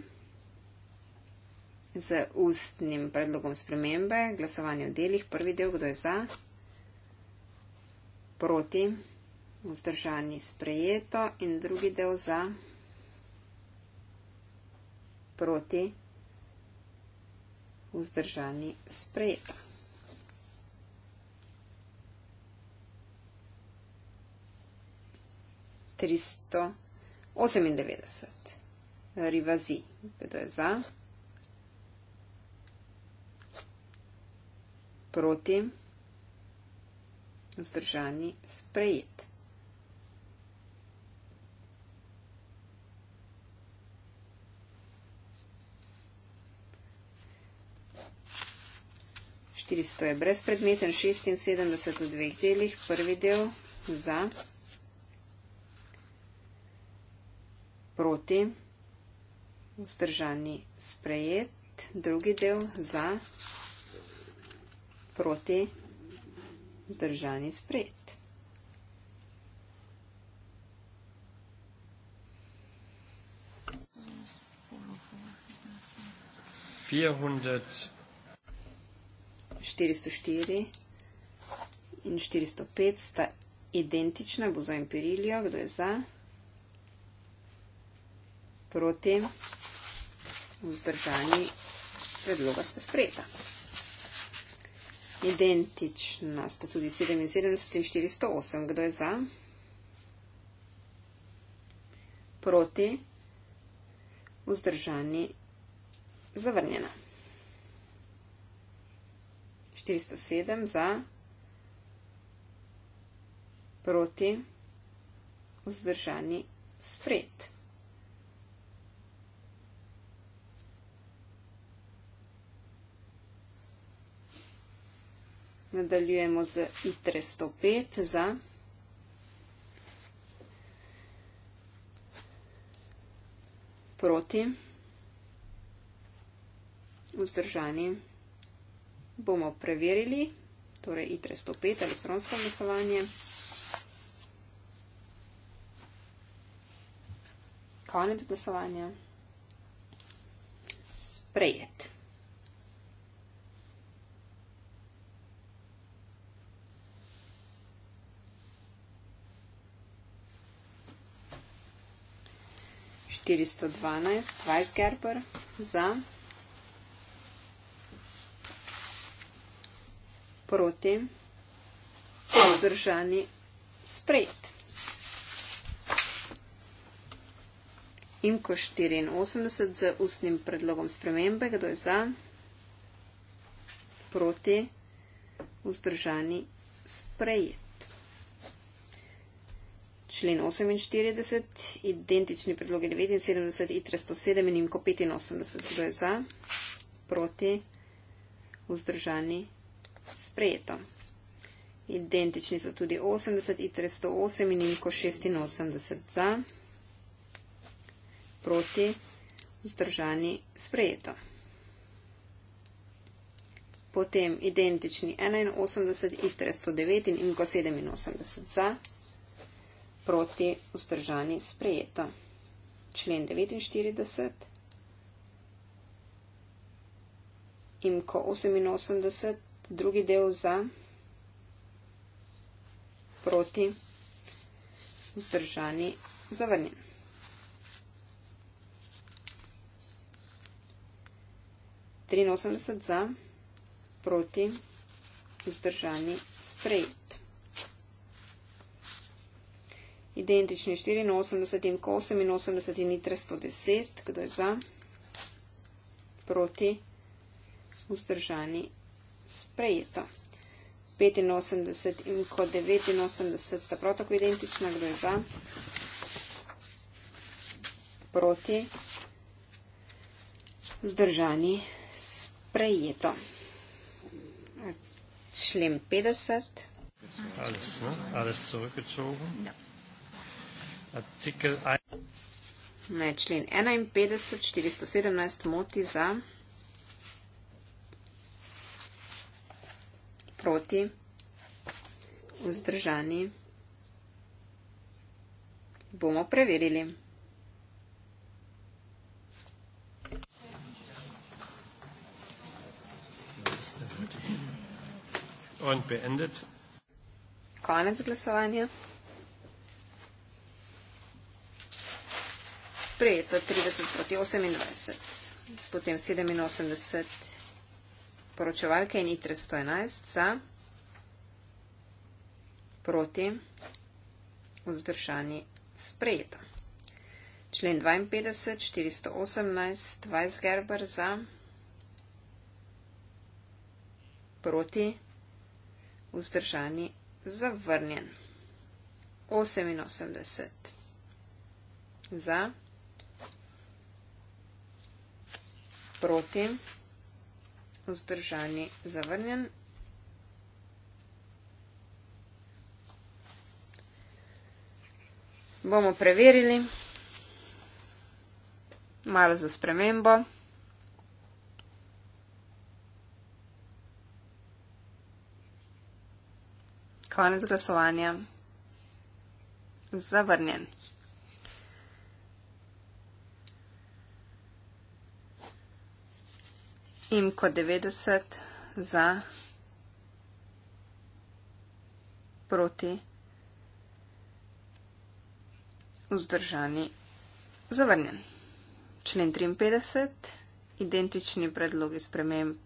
z ustnim predlogom spremembe, glasovanje v delih, prvi del, kdo je za, proti, vzdržani sprejeto in drugi del za, proti, vzdržani sprejeto. 398. Rivazi, kdo je za? Proti? Vzdržani, sprejet. Štiristo je brezpredmeten, šestinsedemdeset v dveh delih, prvi del za. proti, vzdržani, sprejet, drugi del za, proti, vzdržani, sprejet. Vierhundert. 404 in 405 sta identična, bo za empirilijo, kdo je za proti vzdržanji predloga sta sprejeta. Identična sta tudi 77 in 408. Kdo je za? Proti vzdržanji zavrnjena. 407 za. Proti vzdržanji sprejeta. Nadaljujemo z ITRE 105 za. Proti. Vzdržani. Bomo preverili, torej ITRE 105, elektronsko glasovanje. Konec glasovanja. Sprejet. 412, Weisgerber za, proti, vzdržani, sprejet. Imko 84 z ustnim predlogom spremembe, kdo je za, proti, vzdržani, sprejet člen 48, identični predlogi 79, ITRE 107 in IMKO 85, kdo je za, proti, vzdržani, sprejeto. Identični so tudi 80, ITRE 108 in IMKO 86 za, proti, vzdržani, sprejeto. Potem identični 81, ITRE 109 in IMKO 87 za proti vzdržani sprejeto. Člen 49. Imko 88, drugi del za, proti, vzdržani, zavrnjen. Trinosemdeset za, proti, vzdržani, sprejet identični 84, 88 in 310, kdo je za, proti, vzdržani, sprejeto. 85 in kot 89 sta prav tako identična, kdo je za, proti, vzdržani, sprejeto. Člen 50. Alles, ne? Alles zurückgezogen? Ja artikel 51. člen 51, 417 moti za. Proti, vzdržani. Bomo preverili. Konec glasovanja. sprejeto 30 proti 28. Potem 87 poročevalke in ITRE 111 za proti vzdržani sprejeto. Člen 52, 418, Weisgerber za proti vzdržani zavrnjen. 88 za proti vzdržani sprejeto. proti, vzdržani, zavrnjen. Bomo preverili, malo za spremembo. Konec glasovanja. Zavrnjen. in kot 90 za proti vzdržani zavrnjen. Člen 53, identični predlogi sprememb.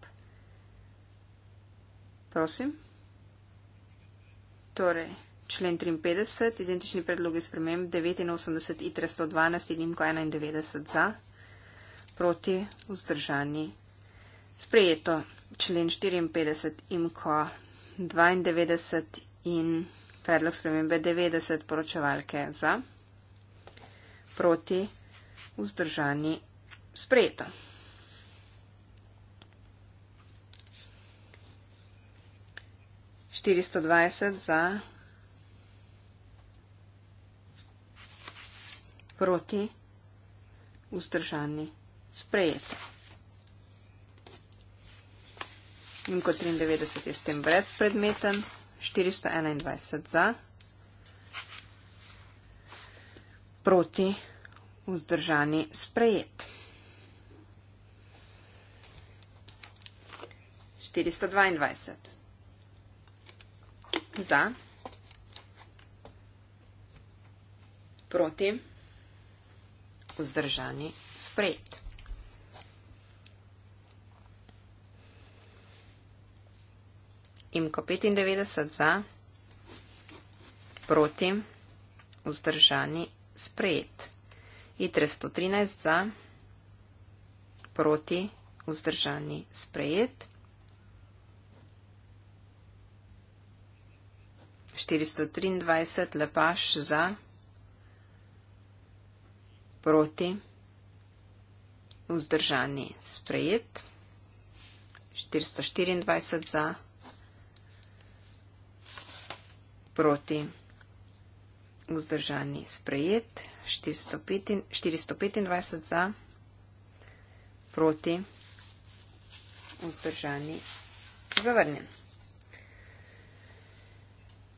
Prosim. Torej, člen 53, identični predlogi sprememb 89, ITRE 112 in IMKO 91 za proti vzdržani zavrnjen sprejeto člen 54 imko 92 in predlog spremembe 90 poročevalke za, proti, vzdržani, sprejeto. Štiristo dvajset za, proti, vzdržani, sprejeti. Vinko 93 je s tem brezpredmeten, 421 za, proti vzdržani sprejet. 422 za, proti vzdržani sprejet. 421. Imko 95 za, proti, vzdržani, sprejet. Itre 113 za, proti, vzdržani, sprejet. 423 lepaš za, proti, vzdržani, sprejet. 424 za, proti proti vzdržani sprejet, 425 za, proti vzdržani zavrnjen.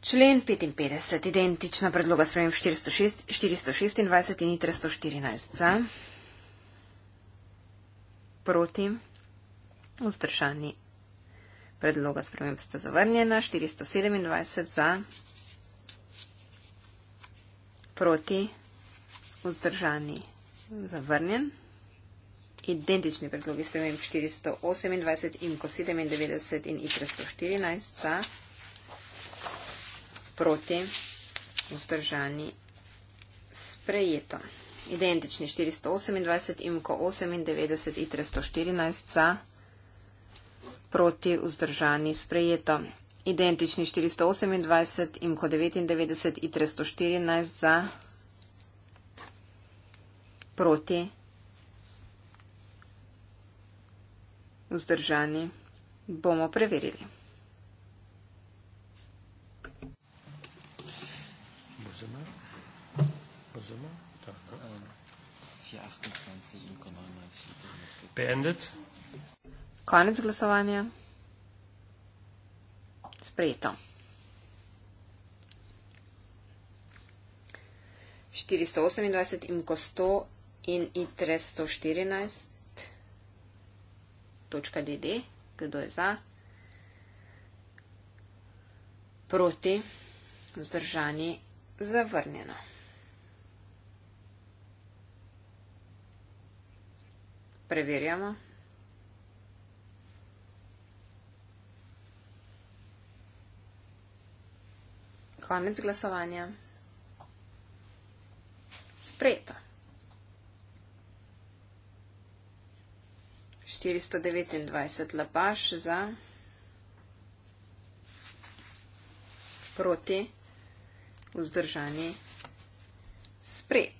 Člen 55, identična predloga sprejem 426 in itre 114 za, proti vzdržani zavrnjen. Predloga sprememb sta zavrnjena, 427 za, proti, vzdržani, zavrnjen. Identični predlogi sprememb 428 in ko 97 in itre 114 za, proti, vzdržani, sprejeto. Identični 428 in ko 98 itre 114 za, proti, vzdržani, sprejeto proti vzdržani sprejeto. Identični 428, imko 99, i 314 za, proti, vzdržani, bomo preverili. Beendet. Konec glasovanja. Sprejeto. 428 in ko 100 in itre 114 točka dd, kdo je za, proti, vzdržani, zavrnjeno. Preverjamo. Konec glasovanja. Sprejeto. 429 lapaš za proti vzdržani spred.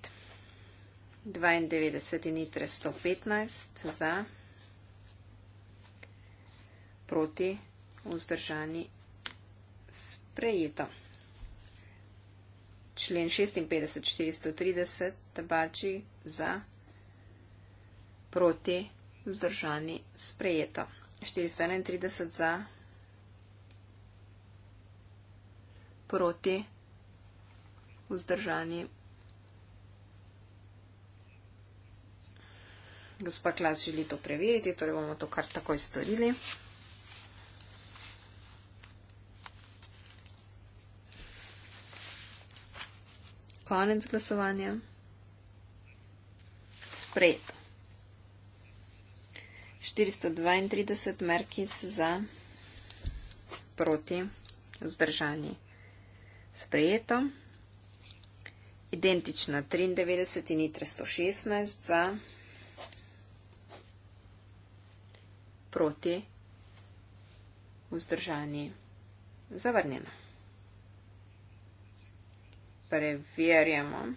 92 in 315 za proti vzdržani spred. Prejito člen 56-430 tabači za proti vzdržani sprejeto. 431 za proti vzdržani. Gospa Klas želi to preveriti, torej bomo to kar takoj storili. konec glasovanja. Sprejeto. 432 merkis za proti vzdržanji. Sprejeto. Identična 93 in itre 116 za proti vzdržanji. Zavrnjeno preverjamo.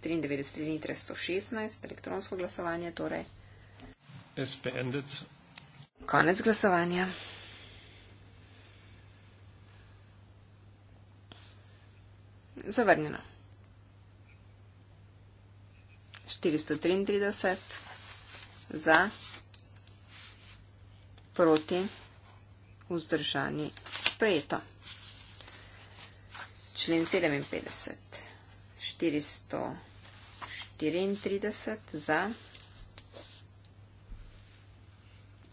93 litre 116, elektronsko glasovanje, torej. Spended. Konec glasovanja. Zavrnjeno. 433 za, proti, vzdržani, sprejeto člen 57. 434 za,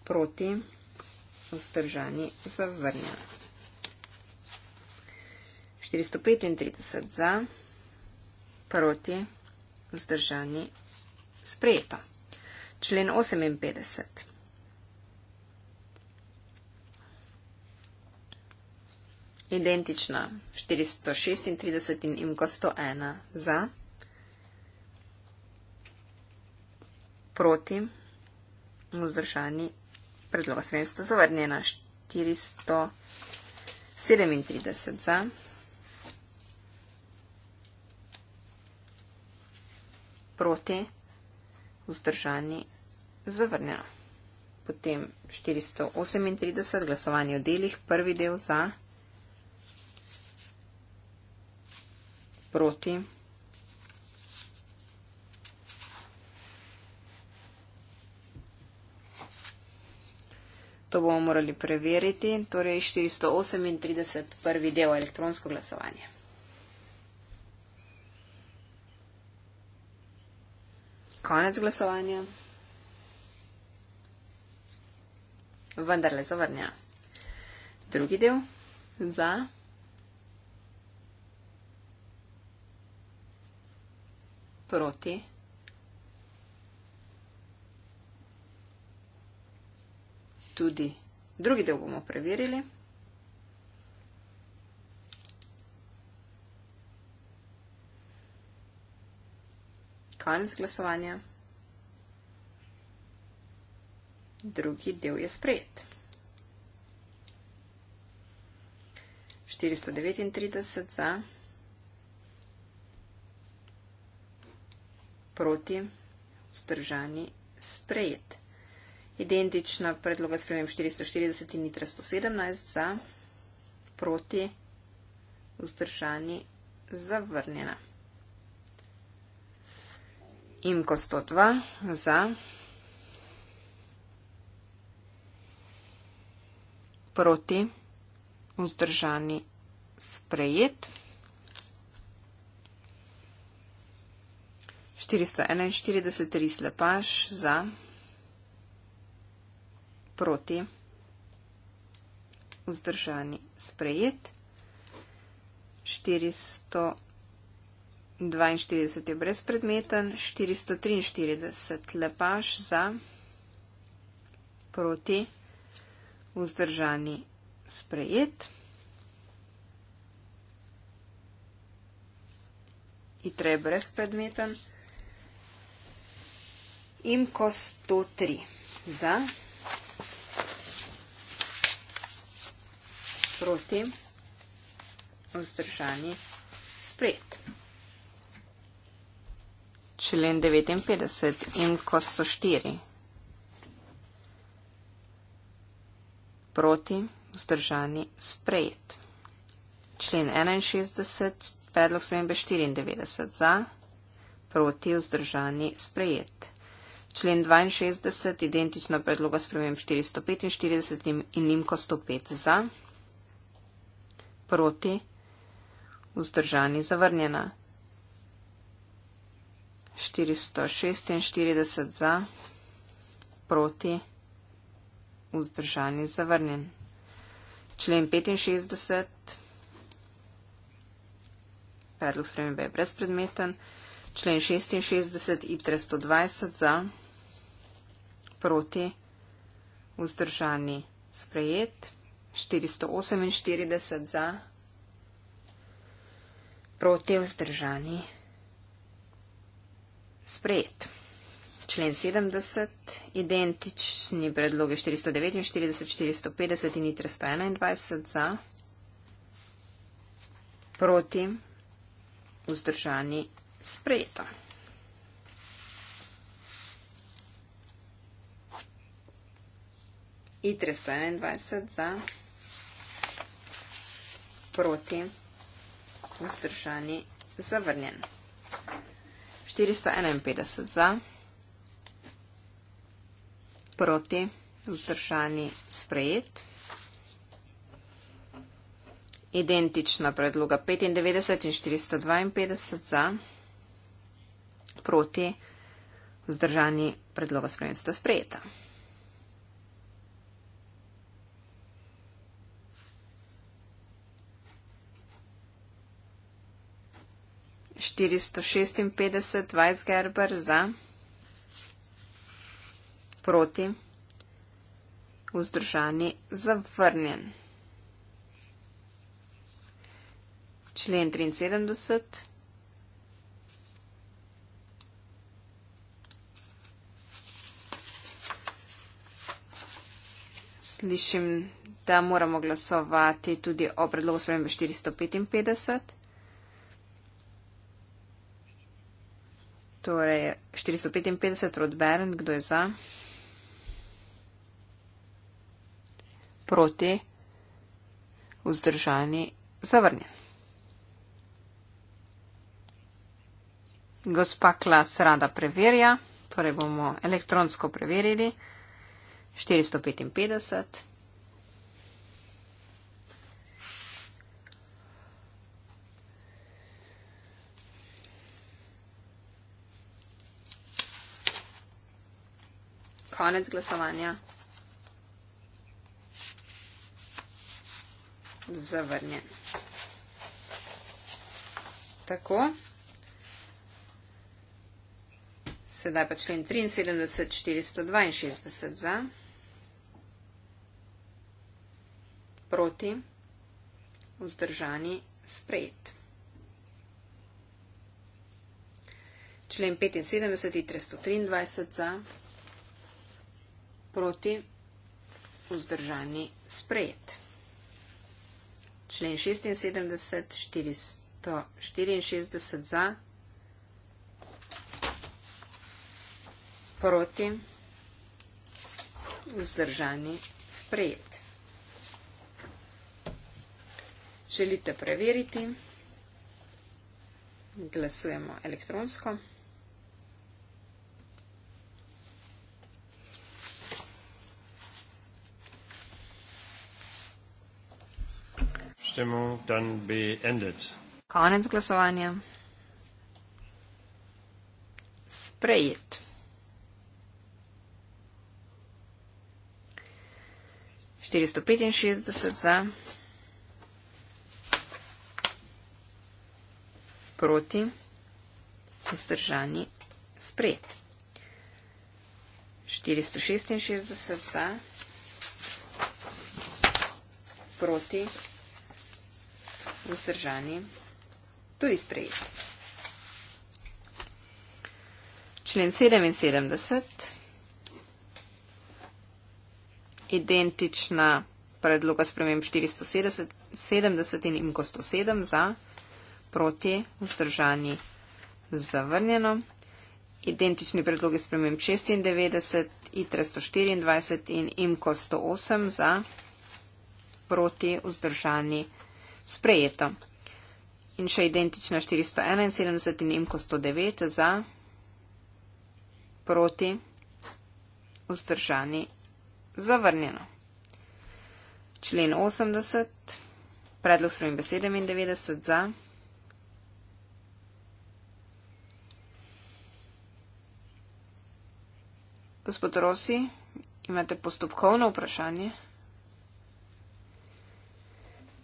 proti, vzdržani, zavrnjen. 435 za, proti, vzdržani, sprejeto. Člen 58. Identična 436 in imko 101 za, proti, vzdržani, predloga svenstva zavrnjena 437 za, proti, vzdržani, zavrnjena. Potem 438 glasovanje v delih, prvi del za, proti. To bomo morali preveriti. Torej 438. prvi del elektronsko glasovanje. Konec glasovanja. Vendar le zavrnja. Drugi del. Za. proti. Tudi drugi del bomo preverili. Konec glasovanja. Drugi del je sprejet. 439 za. proti, vzdržani, sprejet. Identična predloga spremem 440 in nitra 117 za, proti, vzdržani, zavrnjena. Imko 102 za, proti, vzdržani, sprejet. 441 ris lepaš za, proti, vzdržani, sprejet. 442 je brezpredmeten, 443 lepaš za, proti, vzdržani, sprejet. Hitre je brezpredmeten, IMCO 103 za proti vzdržani spred. Člen 59 IMCO 104 proti vzdržani spred. Člen 61, predlog smembe 94 za, proti vzdržani sprejet člen 62, identično predloga spremem 445 in nimko 105 za, proti, vzdržani, zavrnjena. 446 za, proti, vzdržani, zavrnjen. Člen 65, predlog spremembe je brezpredmeten. Člen 66, ITRE 120 za proti, vzdržani, sprejet, 448 za, proti, vzdržani, sprejet. Člen 70, identični predlogi 449, 450 in 321 za, proti, vzdržani, sprejeto. i 321 za proti vzdržani zavrnjen. 451 za proti vzdržani sprejet. Identična predloga 95 in 452 za proti vzdržani predloga sprejeta. 456, Weisgerber za, proti, vzdržani, zavrnjen. Člen 73. Slišim, da moramo glasovati tudi o predlogu spremembe 455. Torej, 455 rod Beren, kdo je za? Proti, vzdržani, zavrnjen. Gospa Klas rada preverja, torej bomo elektronsko preverili. 455. konec glasovanja. Zavrnjen. Tako. Sedaj pa člen 73, 462 za. Proti. Vzdržani. Sprejet. Člen 75, 323 za proti vzdržani sprejet. Člen 76, 464 za, proti vzdržani sprejet. Želite preveriti? Glasujemo elektronsko. Abstimmung dann beendet. Konec glasovanja. Sprejet. Štiristo petinšestdeset za, proti, vzdržani, sprejet. Štiristo šestinšestdeset za, proti, vzdržani vzdržani, tudi sprejeti. Člen 77. Identična predloga sprememb 470 in 107 za, proti, vzdržani, zavrnjeno. Identični predlogi sprememb 96, ITRE 124 in IMKO 108 za, proti, vzdržani, zavrnjeno sprejeto. In še identična 471 in Nemko 109 za proti vzdržani zavrnjeno. Člen 80, predlog spremembe 97 za. Gospod Rosi, imate postopkovno vprašanje?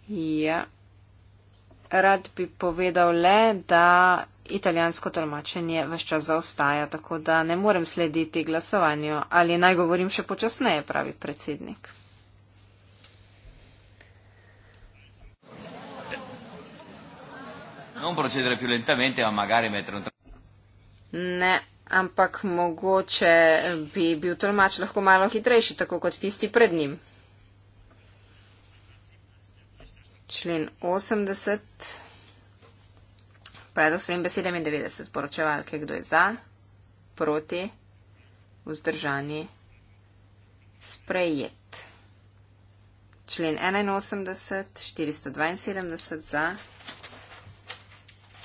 Ja. Rad bi povedal le, da italijansko tolmačenje vse čas zaostaja, tako da ne morem slediti glasovanju ali naj govorim še počasneje, pravi predsednik. Ne, ampak mogoče bi bil tolmač lahko malo hitrejši, tako kot tisti pred njim. člen 80, predlog sprem besedem je 90, poročevalke, kdo je za, proti, vzdržani, sprejet. Člen 81, 472 za,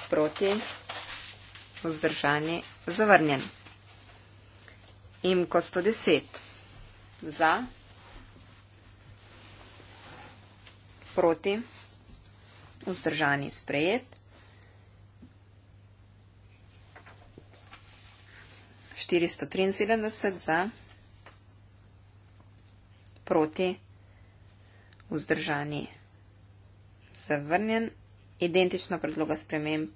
proti, vzdržani, zavrnjen. Imko 110 za. proti, vzdržani sprejet, 473 za, proti, vzdržani zavrnjen, identično predloga sprememb.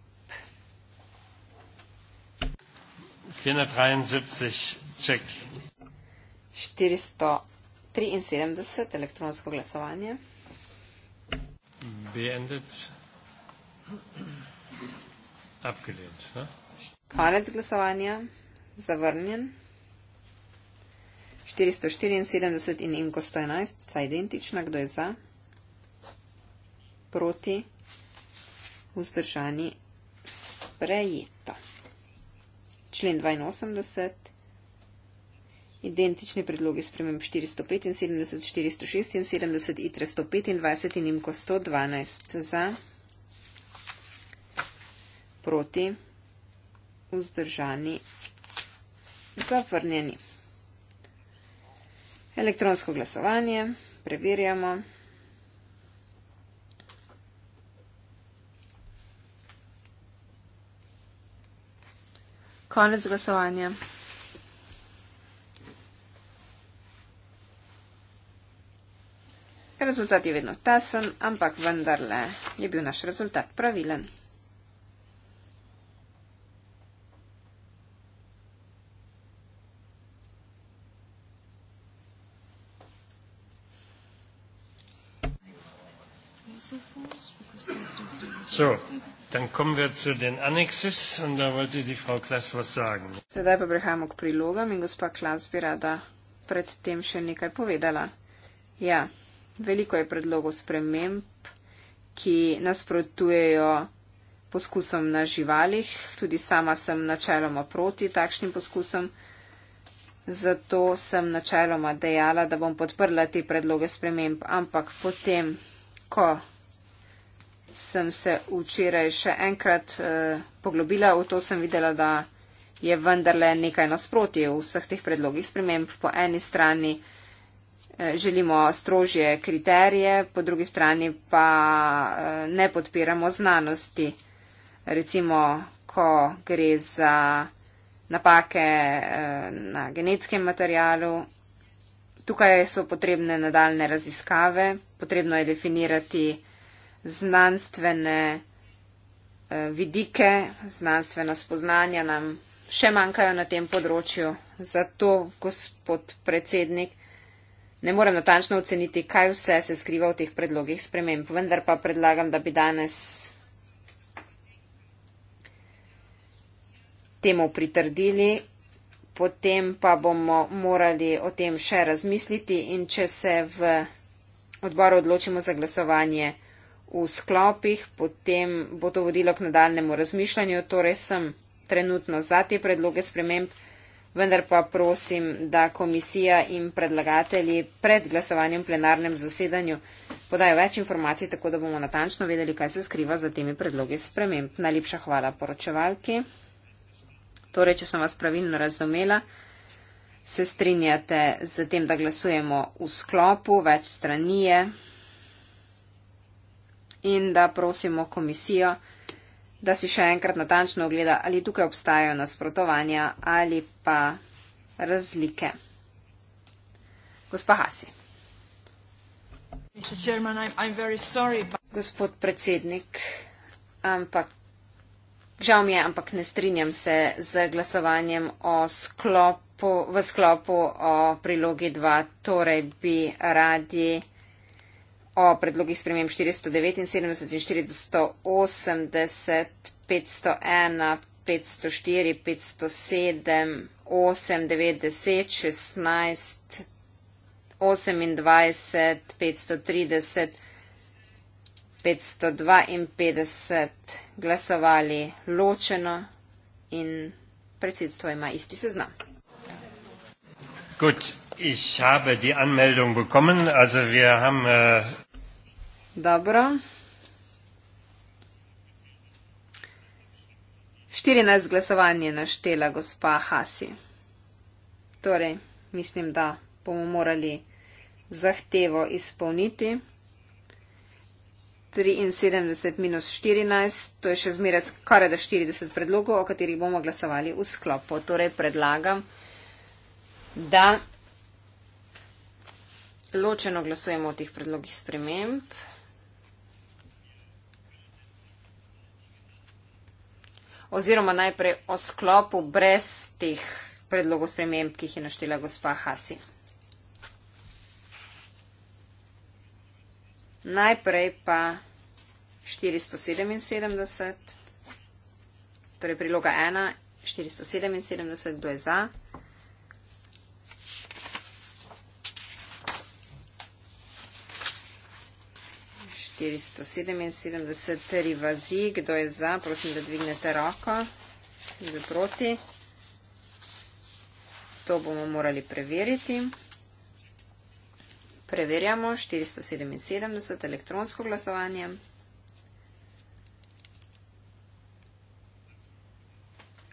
473, ček. 473, elektronsko glasovanje beendet. Abgelehnt. Ne? Konec glasovanja. Zavrnjen. 474 in Inko 111 sta identična. Kdo je za? Proti. Vzdržani. Sprejeto. Člen 82 identični predlogi sprememb 475, 476, ITRE 125 in IMKO 112 za, proti, vzdržani, zavrnjeni. Elektronsko glasovanje, preverjamo. Konec glasovanja. Rezultat je vedno tesen, ampak vendarle je bil naš rezultat pravilen. So, dann kommen wir zu den Annexes und da wollte die Frau Klaas was sagen. Sedaj pa prihajamo k prilogam in gospa Klaas bi rada pred tem še nekaj povedala. Ja, veliko je predlogov sprememb, ki nasprotujejo poskusom na živalih. Tudi sama sem načeloma proti takšnim poskusom. Zato sem načeloma dejala, da bom podprla te predloge sprememb. Ampak potem, ko sem se včeraj še enkrat eh, poglobila v to, sem videla, da je vendarle nekaj nasprotje v vseh teh predlogih sprememb. Po eni strani Eh, želimo strožje kriterije, po drugi strani pa eh, ne podpiramo znanosti. Recimo, ko gre za napake eh, na genetskem materialu, tukaj so potrebne nadaljne raziskave, potrebno je definirati znanstvene vidike, znanstvena spoznanja nam še manjkajo na tem področju. Zato, gospod predsednik, Ne morem natančno oceniti, kaj vse se skriva v teh predlogih sprememb, vendar pa predlagam, da bi danes temu pritrdili, potem pa bomo morali o tem še razmisliti in če se v odboru odločimo za glasovanje v sklopih, potem bo to vodilo k nadaljnemu razmišljanju, torej sem trenutno za te predloge sprememb vendar pa prosim, da komisija in predlagatelji pred glasovanjem v plenarnem zasedanju podajo več informacij, tako da bomo natančno vedeli, kaj se skriva za temi predlogi sprememb. Najlepša hvala poročevalki. Torej, če sem vas pravilno razumela, se strinjate z tem, da glasujemo v sklopu več stranije in da prosimo komisijo, da si še enkrat natančno ogleda, ali tukaj obstajajo nasprotovanja ali pa razlike. Gospa Hasi. Gospod predsednik, ampak, žal mi je, ampak ne strinjam se z glasovanjem o sklopu, v sklopu o prilogi 2, torej bi radi o predlogih spremem 479 in 480, 501, 504, 507, 8, 9, 10, 16, 28, 530, 552 glasovali ločeno in predsedstvo ima isti seznam. Gut, ich habe die Anmeldung bekommen. Also wir haben äh, Dobro. 14 glasovanj je naštela gospa Hasi. Torej, mislim, da bomo morali zahtevo izpolniti. 73 minus 14, to je še zmeraj skoraj da 40 predlogov, o katerih bomo glasovali v sklopu. Torej, predlagam, da ločeno glasujemo o teh predlogih sprememb. oziroma najprej o sklopu brez teh predlogov sprememb, ki jih je naštela gospa Hasi. Najprej pa 477, torej priloga 1, 477, kdo je za. 477 rivazi. Kdo je za? Prosim, da dvignete roko. Kdo je proti? To bomo morali preveriti. Preverjamo 477 elektronsko glasovanje.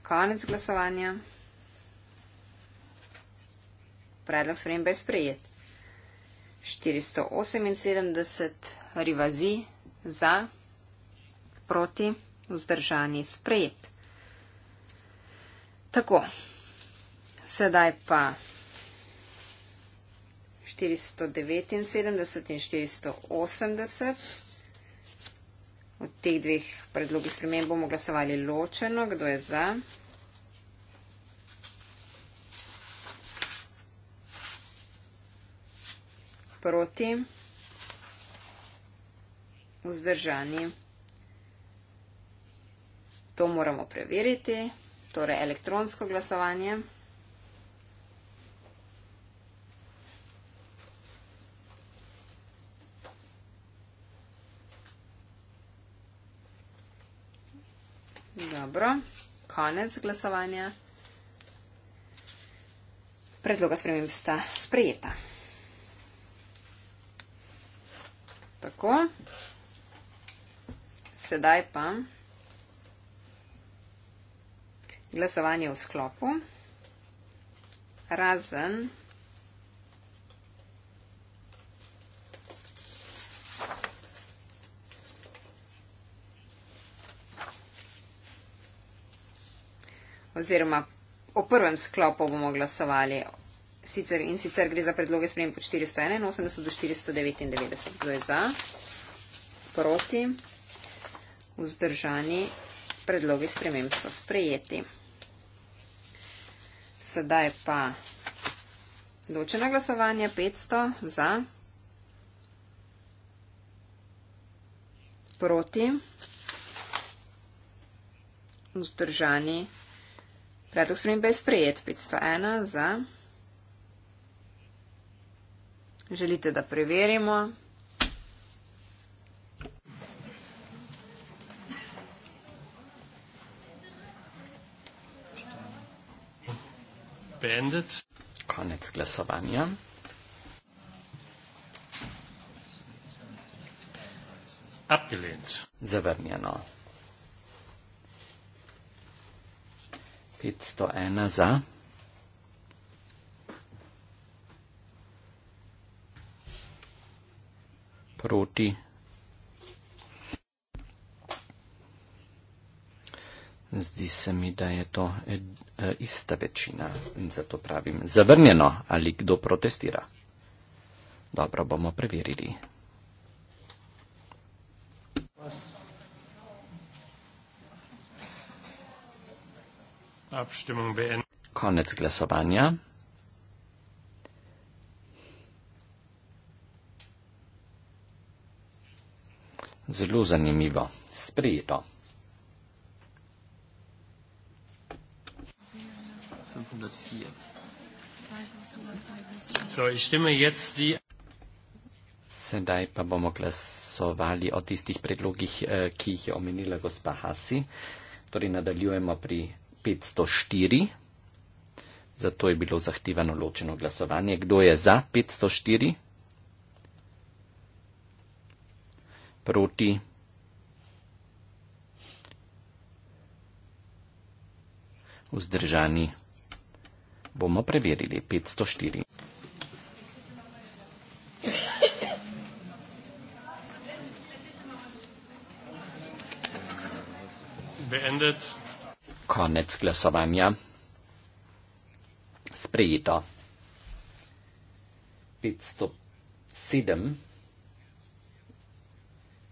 Konec glasovanja. Predlog sprejem brez sprejet. 478 rivazi za, proti, vzdržani, sprejet. Tako, sedaj pa 479 in 480. Od teh dveh predlogih sprememb bomo glasovali ločeno, kdo je za. Proti vzdržani. To moramo preveriti, torej elektronsko glasovanje. Dobro, konec glasovanja. Predloga sprememb sta sprejeta. Tako. Sedaj pa glasovanje v sklopu, razen oziroma o prvem sklopu bomo glasovali. Sicer, in sicer gre za predloge sprejem po 481 do 499. Kdo je za? Proti? vzdržani, predlogi sprememb so sprejeti. Sedaj pa ločena glasovanja 500 za, proti, vzdržani, predlog sprememb je sprejet 501 za. Želite, da preverimo? beendet. Konec glasovanja. Abgelehnt. Zavrnjeno. 501 za. Proti. Zdi se mi, da je to ed, Eh, ista večina in zato pravim zavrnjeno ali kdo protestira. Dobro, bomo preverili. Konec glasovanja. Zelo zanimivo. Sprijeto. 104. So, ich stimme jetzt die Sedaj pa bomo glasovali o tistih predlogih, eh, ki jih je omenila gospa Hasi. Torej nadaljujemo pri 504. Zato je bilo zahtevano ločeno glasovanje. Kdo je za 504? Proti. Vzdržani bomo preverili 504. Beendet. Konec glasovanja. Sprejeto. 507.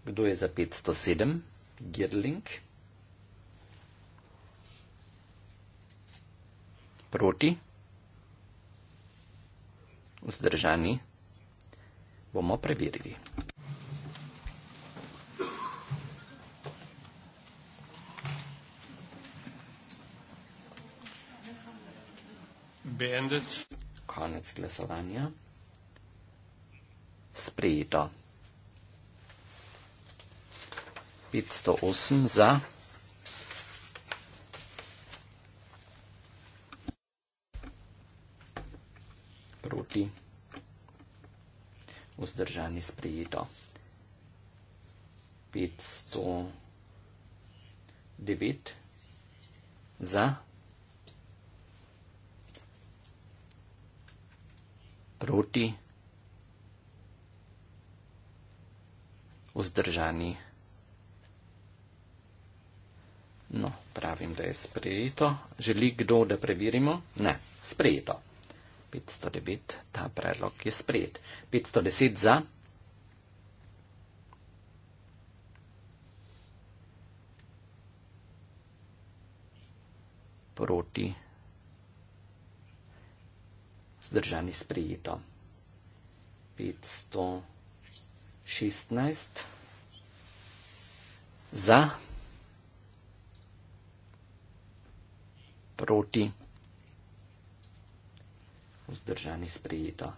Kdo je za 507? Girling. Proti vzdržani? Bomo preverili. Beendet. Konec glasovanja. Sprejeto. 508 za. vzdržani sprejeto. 509 za, proti, vzdržani. No, pravim, da je sprejeto. Želi kdo, da preverimo? Ne, sprejeto. 509, ta predlog je sprejet. 510 za. Proti. Zdržani sprejeto. 516. Za. Proti vzdržani sprejeto.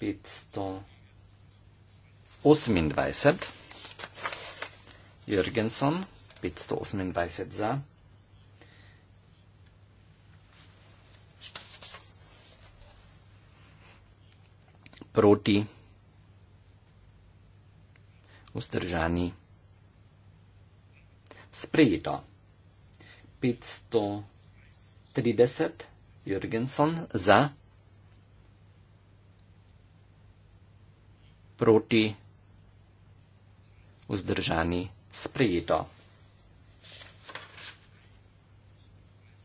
528 Jürgenson, 528 za. Proti vzdržani sprejeto. 530 Jürgenson za proti vzdržani sprejeto.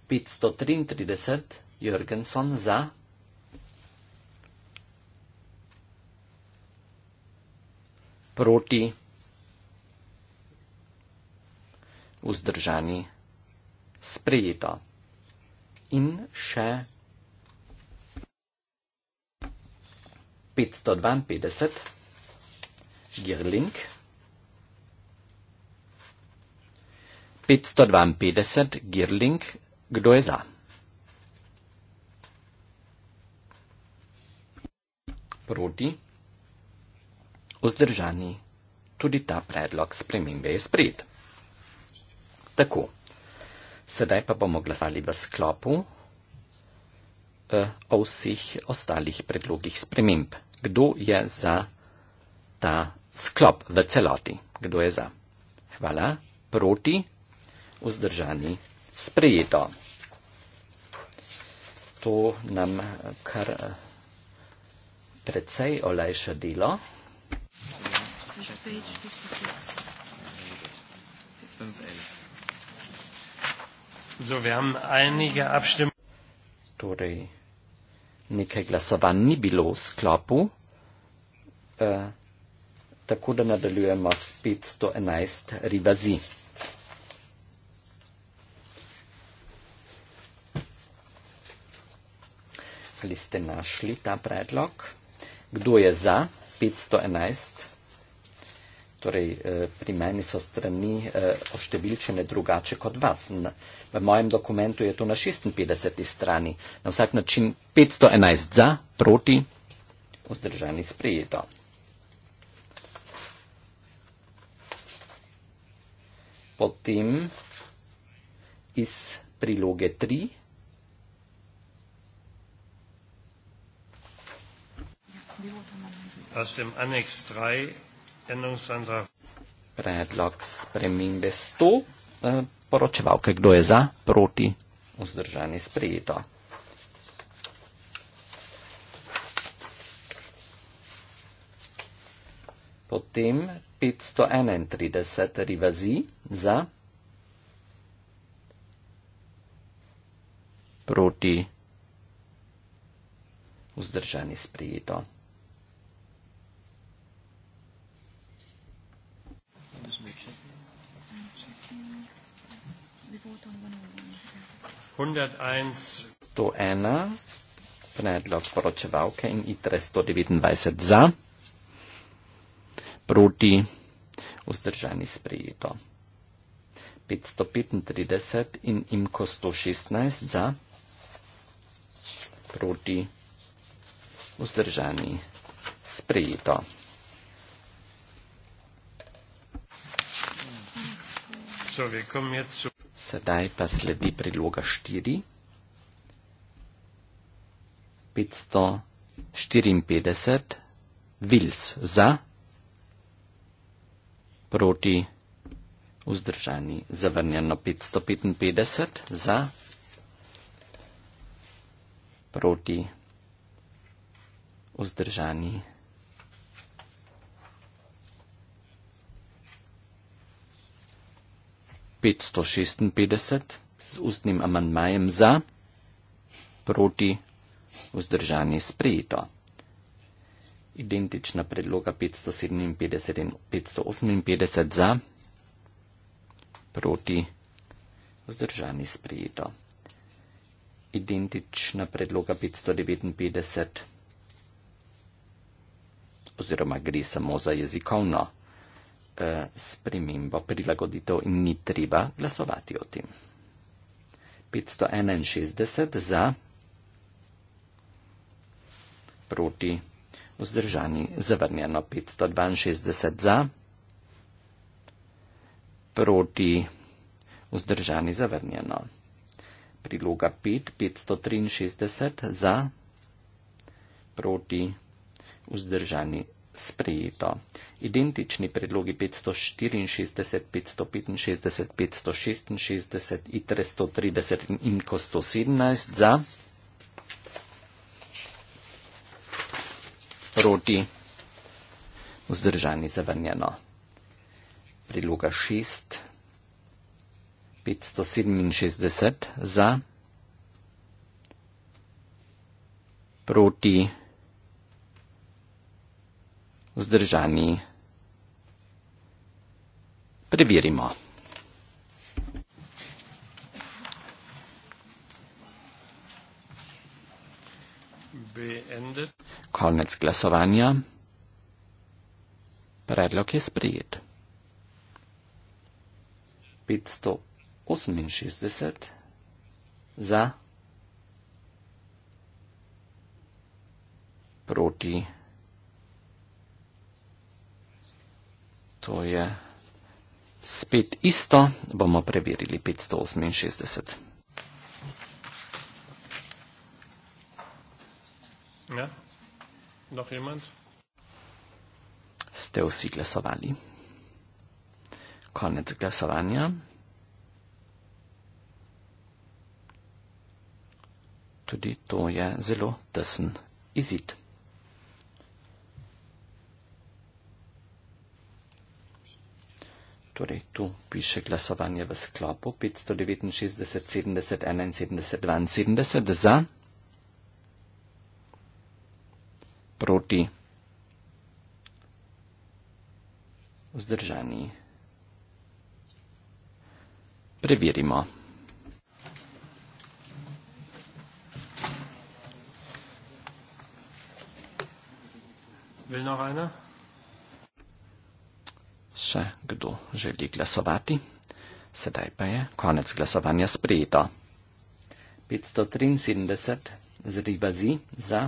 533 Jürgenson za proti vzdržani sprejeto in še 552 Girling. 552 Girling, kdo je za? Proti. Vzdržani. Tudi ta predlog spremembe je sprejet. Tako sedaj pa bomo glasovali v sklopu eh, o vseh ostalih predlogih sprememb. Kdo je za ta sklop v celoti? Kdo je za? Hvala. Proti? Vzdržani? Sprejeto. To nam kar eh, precej olajša delo. Six page, 56. 56. So, wir haben einige Abstimmungen. Tore nekaj glasova ni bilo v sklopu, eh, tako da nadaljujemo s 511 ribazi. Ali ste našli ta predlog? Kdo je za 511 ribazi? torej eh, pri meni so strani eh, oštevilčene drugače kot vas. V mojem dokumentu je to na 56. strani. Na vsak način 511 za, proti, vzdržani sprijeto. Potem iz priloge 3. Aus dem Annex 3 Predlog spremembe 100. Eh, poročevalke, kdo je za, proti, vzdržani sprejeto. Potem 531 rivazi za, proti, vzdržani sprejeto. 101 predlog poročevalke in ITRE 129 za. Proti vzdržani sprejeto. 535 in IMKO 116 za. Proti vzdržani sprejeto. Človekom je cud. Sedaj pa sledi priloga 4. 554 vils za, proti vzdržani zavrnjeno 555 za, proti vzdržani 556 z ustnim amantmajem za, proti, vzdržanje sprejeto. Identična predloga 557 in 558 za, proti, vzdržanje sprejeto. Identična predloga 559 oziroma gre samo za jezikovno. Eh, spremembo, prilagoditev in ni treba glasovati o tem. 561 za, proti, vzdržani, zavrnjeno 562 za, proti, vzdržani, zavrnjeno. Priloga 5, 563 za, proti, vzdržani, sprejeto. Identični predlogi 564, 565, 566, ITRE 130 in INKO 117 za, proti, vzdržani zavrnjeno. Predloga 6, 567 za, proti, vzdržani zavrnjeno vzdržani. Preverimo. Konec glasovanja. Predlog je sprejet. 568 za proti to je spet isto, bomo preverili 568. Ja, noh imant? Ste vsi glasovali. Konec glasovanja. Tudi to je zelo tesen izid. Torej, tu piše glasovanje v sklopu 569, 70, 71, 72 za, proti, vzdržani. Preverimo. Will noch einer? še kdo želi glasovati. Sedaj pa je konec glasovanja sprejeto. 573 z ribazi za.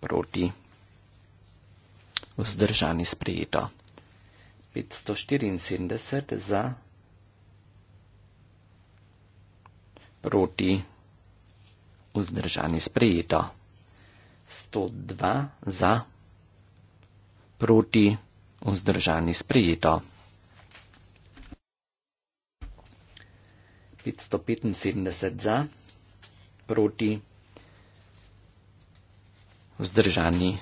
Proti. Vzdržani sprejeto. 574 za. Proti. Vzdržani sprejeto. 102 za proti vzdržani sprejeto. 575 za, proti vzdržani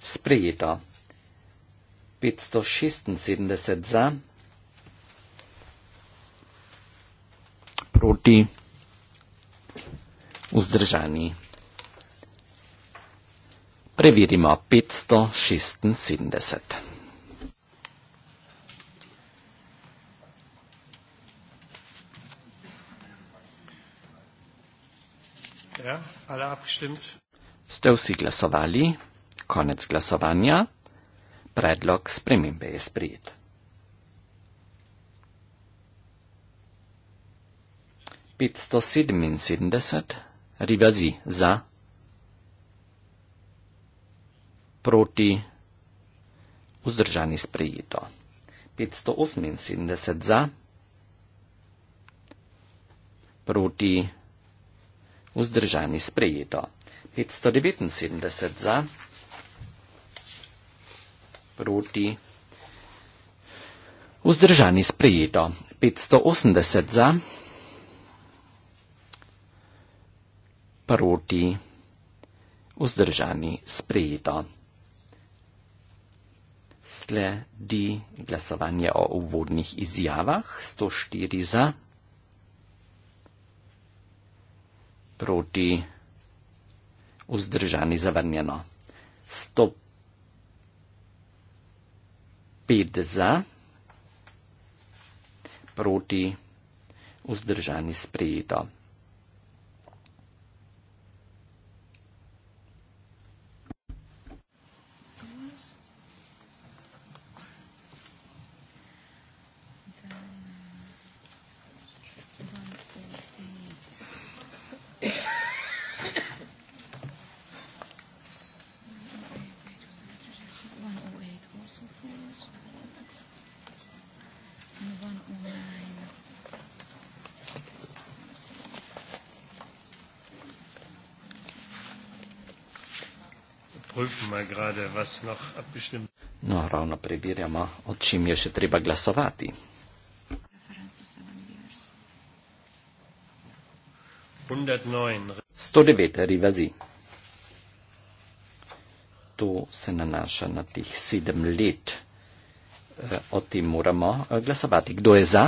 sprejeto. 576 za, proti vzdržani sprejeto. Preverimo 576. Ja, Ste vsi glasovali? Konec glasovanja. Predlog spremembe je sprijet. 577. Rivasi za. proti vzdržani sprejeto. 578 za proti vzdržani sprejeto. 579 za proti vzdržani sprejeto. 580 za proti vzdržani sprejeto sledi glasovanje o uvodnih izjavah 104 za, proti vzdržani zavrnjeno 105 za, proti vzdržani sprejeto nagrade vas noh abbestimmt. No, ravno prebiramo, o čem je še treba glasovati. Sto devet rivazi. To se nanaša na tih sedem let. Eh, o tem moramo eh, glasovati. Kdo je za?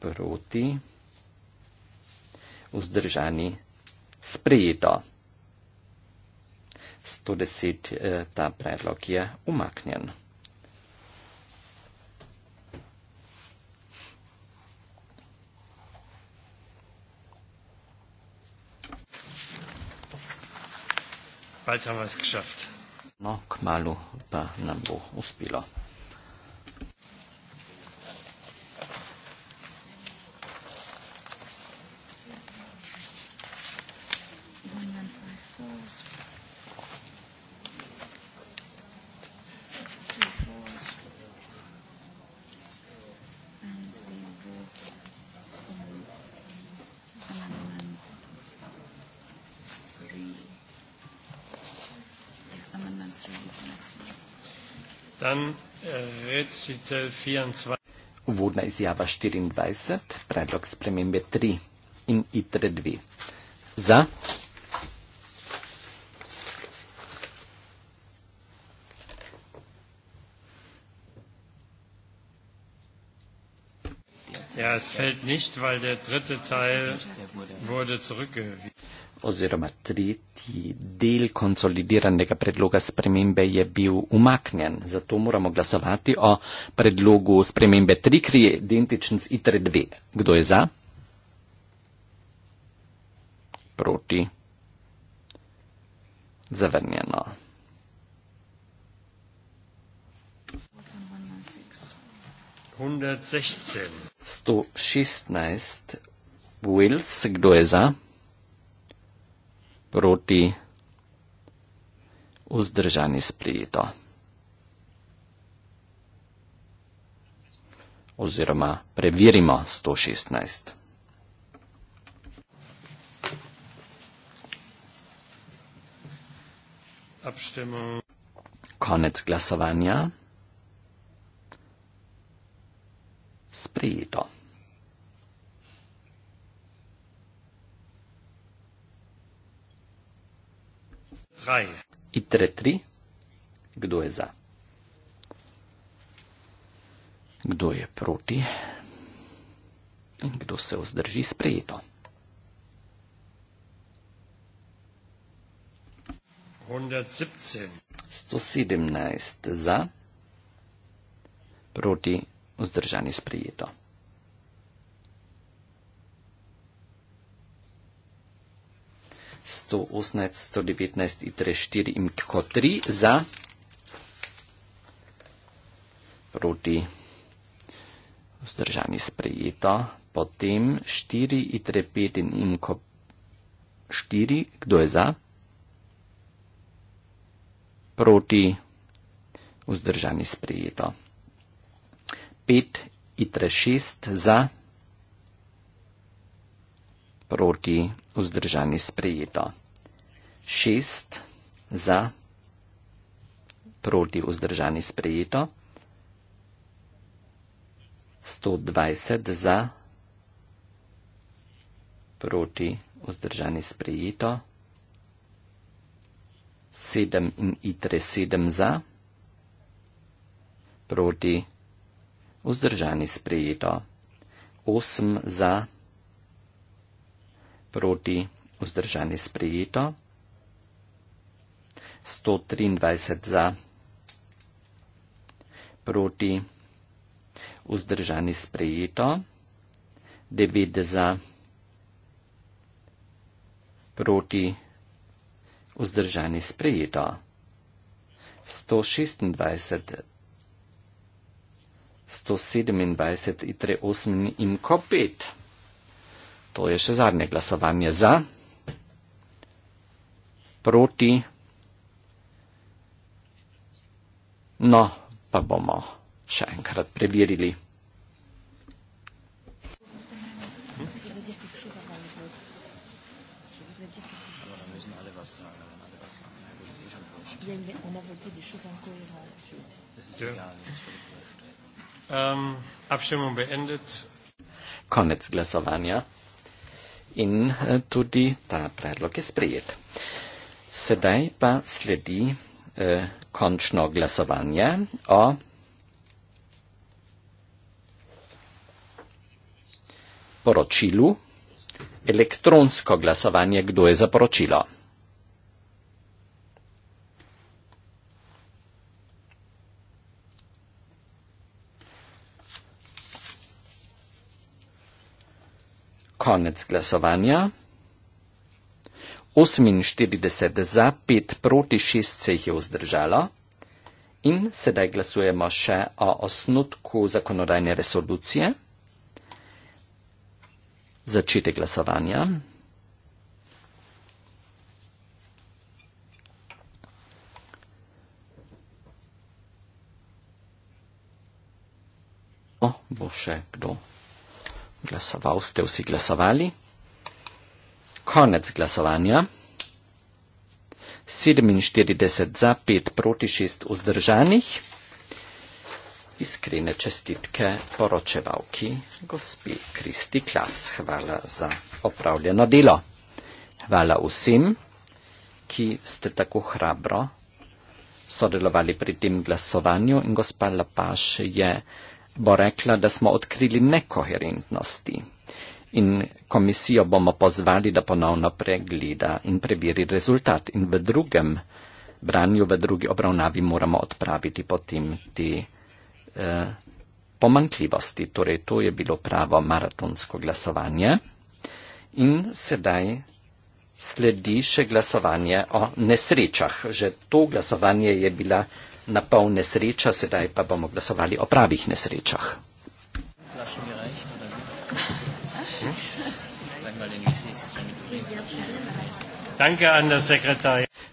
Proti. Vzdržani. Sprejeto. 110 eh, ta predlog je umaknjen. No, k malu pa nam bo uspelo. Uvodna izjava 24, predlog spremembe 3 in ITRE 2. Za. Ja, es fällt nicht, weil der dritte Teil wurde zurückgewiesen oziroma tretji del konsolidiranega predloga spremembe je bil umaknjen. Zato moramo glasovati o predlogu spremembe trikri identičen z itre dve. Kdo je za? Proti. Zavrnjeno. 116. Wells, kdo je za? proti vzdržani splito. Oziroma preverimo 116. Abstimo. Konec glasovanja. Sprejeto. ITRE 3. Kdo je za? Kdo je proti? In kdo se vzdrži sprejeto? Sto sedemnajst za, proti vzdržani sprejeto. 119, 119 i 3, 4 i 3 za proti vzdržani sprejeto, potem 4 i 3, 5 in 4, kdo je za, proti vzdržani sprejeto, 5 i 3, 6 za, proti vzdržani sprejeto, proti vzdržani sprejeto. Šest za proti vzdržani sprejeto. 120 za proti vzdržani sprejeto. 7 in itre 7 za proti vzdržani sprejeto. 8 za proti proti vzdržani sprejeto, 123 za, proti vzdržani sprejeto, 9 za, proti vzdržani sprejeto, 126 za. 127 i 38 im ko 5. To je še zadnje glasovanje za, proti. No, pa bomo še enkrat preverili. Um, Konec glasovanja in eh, tudi ta predlog je sprejet. Sedaj pa sledi eh, končno glasovanje o poročilu, elektronsko glasovanje, kdo je za poročilo. konec glasovanja. 48 za, 5 proti 6 se jih je vzdržalo. In sedaj glasujemo še o osnutku zakonodajne resolucije. Začite glasovanja. O, bo še kdo Glasoval ste vsi glasovali. Konec glasovanja. 47 za, 5 proti, 6 vzdržanih. Iskrene čestitke poročevalki gospi Kristi Klas. Hvala za opravljeno delo. Hvala vsem, ki ste tako hrabro sodelovali pri tem glasovanju in gospa Lapaš je bo rekla, da smo odkrili nekoherentnosti in komisijo bomo pozvali, da ponovno pregleda in preveri rezultat. In v drugem branju, v drugi obravnavi moramo odpraviti potem te eh, pomankljivosti. Torej, to je bilo pravo maratonsko glasovanje. In sedaj sledi še glasovanje o nesrečah. Že to glasovanje je bila na pol nesreča, sedaj pa bomo glasovali o pravih nesrečah.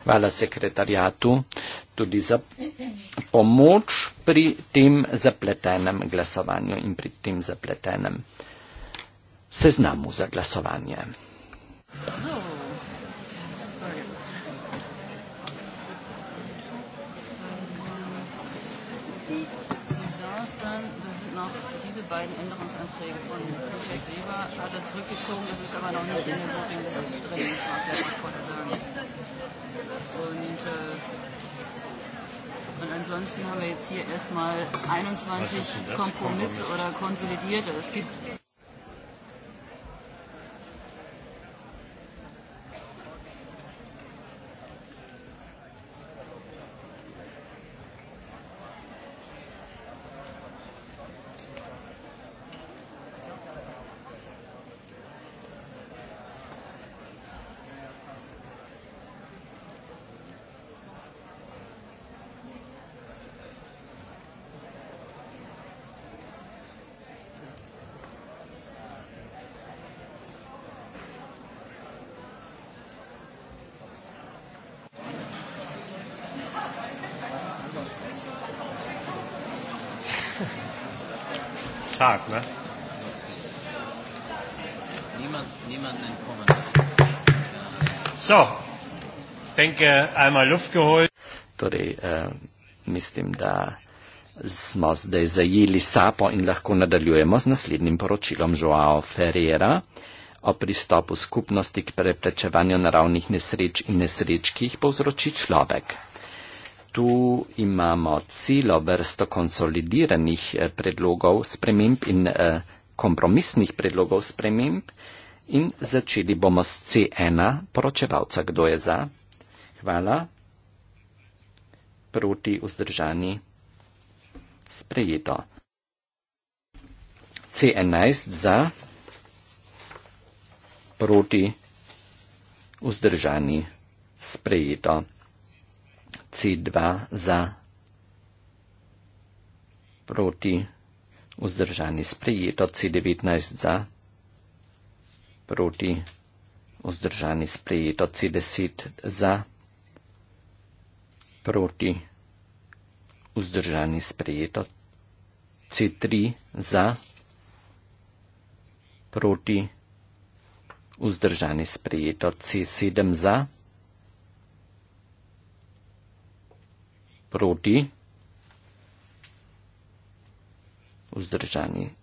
Hvala sekretarjatu tudi za pomoč pri tem zapletenem glasovanju in pri tem zapletenem seznamu za glasovanje. So. beiden Änderungsanträge von Herrn Seber hat er zurückgezogen. Das ist aber noch nicht in der Voting drin, das mag der Reporter sagen. Und, äh, und ansonsten haben wir jetzt hier erstmal 21 Kompromisse oder Konsolidierte. Es gibt Tag, ne? Niemand, niemand entkommen ist. So, denke, eh, einmal Luft geholt. Torej, äh, mislim, da smo zdaj zajeli sapo in lahko nadaljujemo z naslednjim poročilom Joao Ferreira o pristopu skupnosti k preprečevanju naravnih nesreč in nesreč, ki jih povzroči človek tu imamo celo vrsto konsolidiranih eh, predlogov sprememb in eh, kompromisnih predlogov sprememb in začeli bomo s C1 poročevalca, kdo je za. Hvala. Proti vzdržani. Sprejeto. C11 za. Proti vzdržani. Sprejeto cidba za proti vzdržani sprejeto, C19 za proti vzdržani sprejeto, C10 za proti vzdržani sprejeto, C3 za proti vzdržani sprejeto, C7 za proti vzdržani sprejeto, proti vzdržani.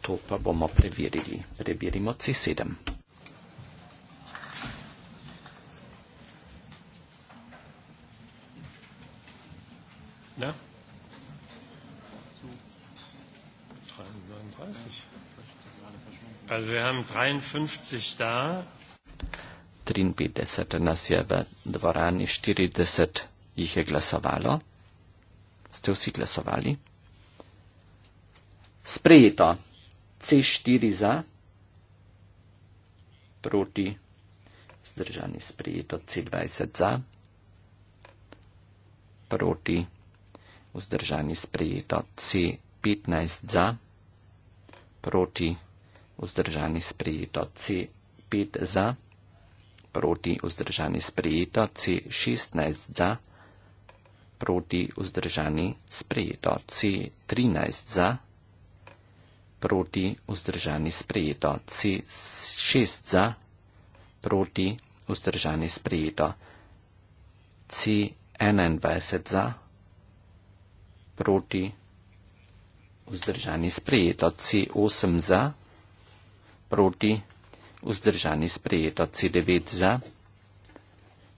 To pa bomo preverili. Preverimo C7. Ja. Also wir haben 53 da 53 nas je v dvorani, 40 jih je glasovalo. Ste vsi glasovali? Sprejeto. C4 za. Proti. Zdržani sprejeto. C20 za. Proti. Vzdržani sprejeto C15 za, proti vzdržani sprejeto C5 za proti vzdržani sprejeto, C16 za, proti vzdržani sprejeto, C13 za, proti vzdržani sprejeto, C6 za, proti vzdržani sprejeto, C21 za, proti vzdržani sprejeto, C8 za, proti vzdržani sprejeto, vzdržani sprejeto C9 za,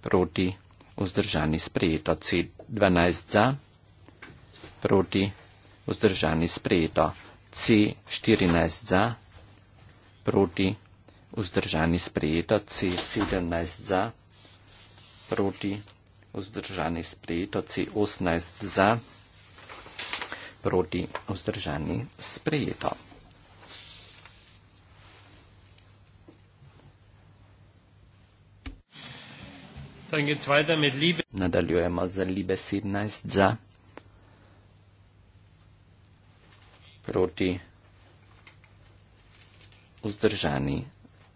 proti vzdržani sprejeto C12 za, proti vzdržani sprejeto C14 za, proti vzdržani sprejeto C17 za, proti vzdržani sprejeto C18 za, proti vzdržani sprejeto. Nadaljujemo z Libe 17 za proti vzdržani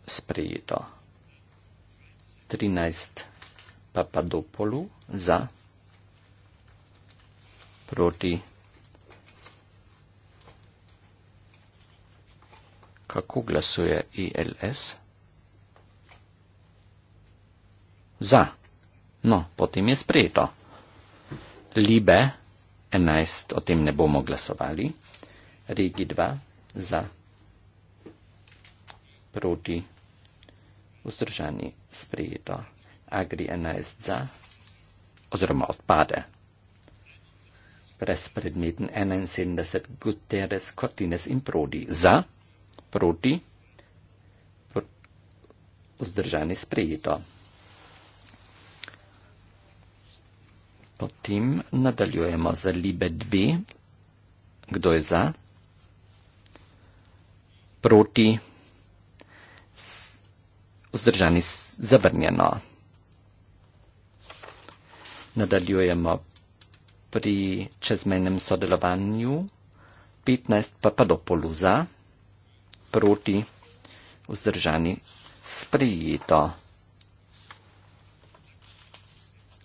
sprejeto. 13 Papadopolu za proti kako glasuje ILS. E za. No, potem je sprejeto. Libe 11, o tem ne bomo glasovali. Regi 2 za proti vzdržani sprejeto. Agri 11 za oziroma odpade. Brezpredmeten 71 Guterres, Cortines in Prodi za proti vzdržani sprejeto. Potem nadaljujemo za libe dve. Kdo je za? Proti. Vzdržani zabrnjeno. Nadaljujemo pri čezmenem sodelovanju. 15 papadopolu za. Proti. Vzdržani sprejeto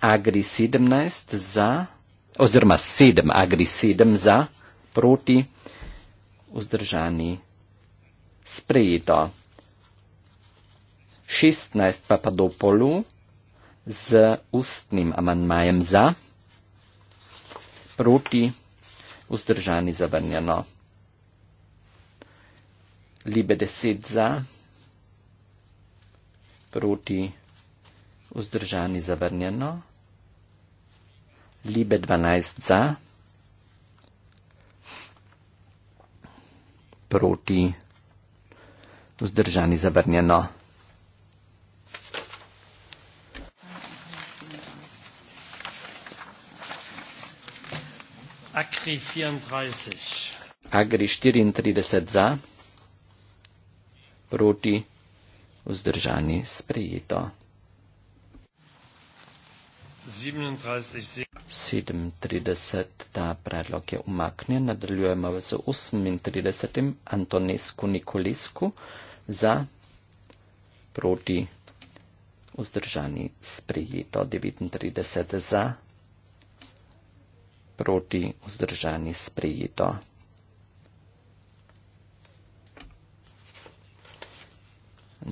agri 17 za, oziroma 7 agri 7 za, proti, vzdržani, sprejeto. 16 papadopolu z ustnim amanmajem za, proti, vzdržani, zavrnjeno. Libe 10 za, proti, vzdržani, zavrnjeno. Liebe 12 za, proti, vzdržani zavrnjeno. Agri 34. Agri 34 za, proti, vzdržani sprejeto. 37. Ta predlog je umaknjen. Nadaljujemo z 38. Antonesku Nikolesku za proti vzdržani sprejeto. 39. za proti vzdržani sprejeto.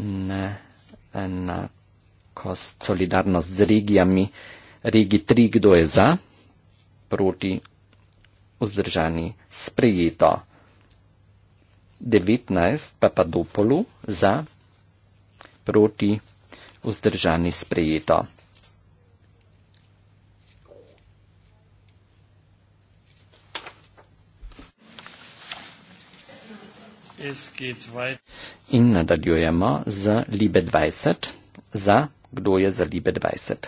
Ne enako solidarnost z regijami regi 3, kdo je za, proti, vzdržani, sprejeto. 19, Papadopolu, za, proti, vzdržani, sprejeto. In nadaljujemo z Libe 20. Za, kdo je za Libe 20?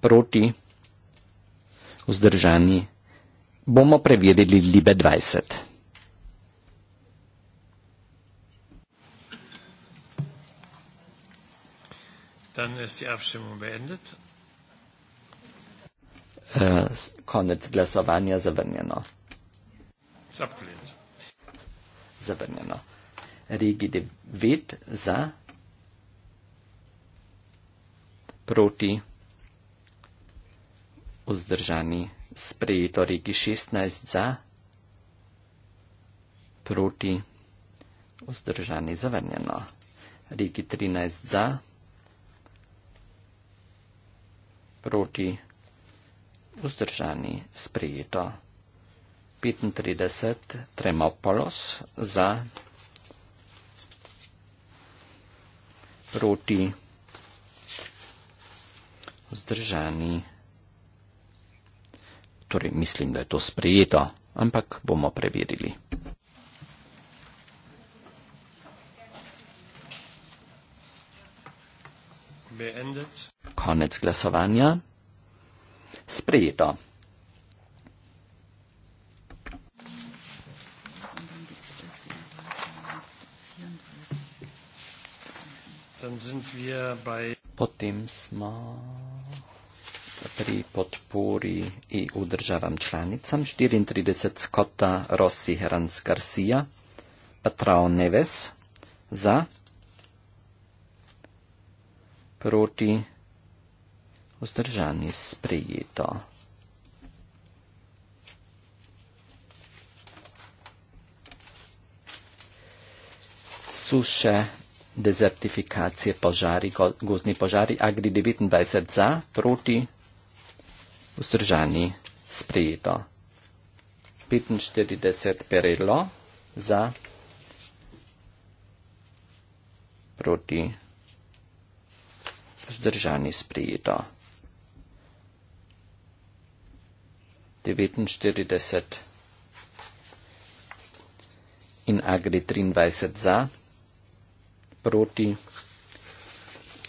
proti vzdržani, bomo preverili Libe 20. Dann ist die Abstimmung beendet. Äh, konnet glasovanja zavrnjeno. Zabgelehnt. Zavrnjeno. Regi 9 za proti vzdržani. Sprejeto regi 16 za, proti, vzdržani zavrnjeno. Regi 13 za, proti, vzdržani sprejeto. 35 Tremopolos za, proti, vzdržani sprejeto torej mislim, da je to sprejeto, ampak bomo preverili. Beendet. Konec glasovanja. Sprejeto. Potem smo pri podpori EU državam članicam, 34 Skota Rossi Herans Garcia, Patrao Neves za, proti, vzdržani sprejeto. Suše, dezertifikacije, požari, gozni požari, agri 29 za, proti, vzdržani sprejeto vzdržani sprejeto. 45 perelo za proti vzdržani sprejeto. 49 in agri 23 za proti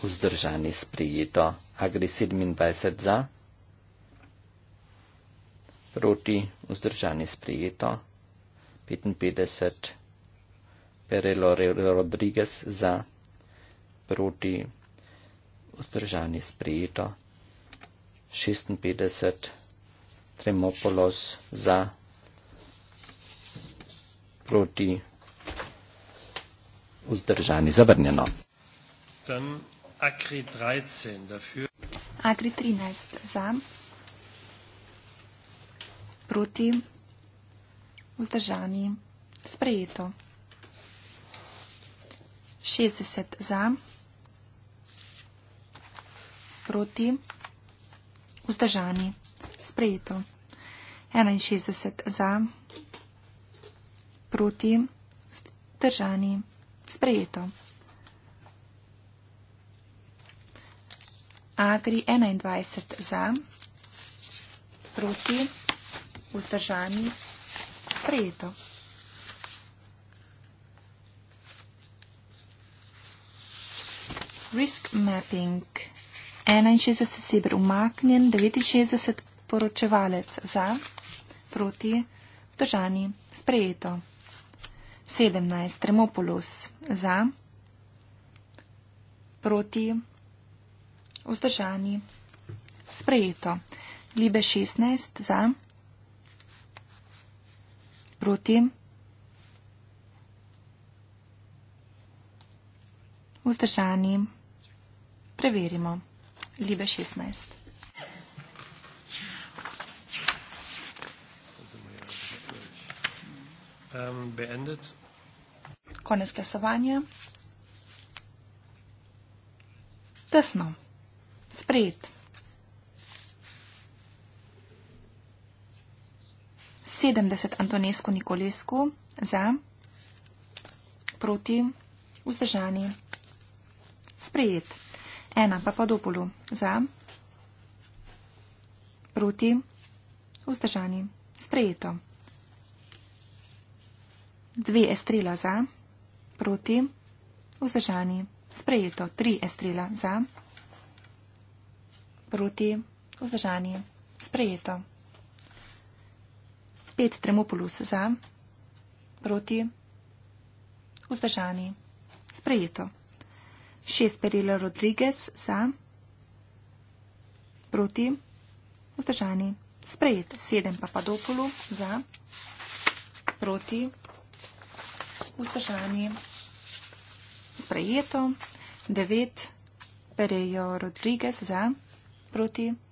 vzdržani sprejeto. Agri 27 za proti vzdržani sprejeto proti vzdržani sprijeto, 55 Perelo Rodriguez za, proti vzdržani sprijeto, 56 Tremopolos za, proti vzdržani zavrnjeno. Akri 13 za proti, vzdržani, sprejeto. 60 za, proti, vzdržani, sprejeto. 61 za, proti, vzdržani, sprejeto. Agri 21 za, proti, vzdržani, sprejeto vzdržani, sprejeto. Risk mapping. 61 decibel umaknjen, 69 poročevalec za, proti, vzdržani, sprejeto. 17. Tremopolus za, proti, vzdržani, sprejeto. Libe 16 za, proti nasproti. Vzdržani. Preverimo. Libe 16. Ähm, beendet. Konec glasovanja. Tesno. Sprejet. 70 Antonesko Nikolesku za, proti, vzdržani. Sprejet. 1 Papadopolu za, proti, vzdržani. Sprejeto. 2 Estrela za, proti, vzdržani. Sprejeto. 3 Estrela za, proti, vzdržani. Sprejeto. 5 tremopolus za, proti, vzdržani, sprejeto. 6 Perila Rodriguez za, proti, vzdržani, sprejeto. 7 Papadopolu za, proti, vzdržani, sprejeto. 9 Perejo Rodriguez za, proti, vzdržani.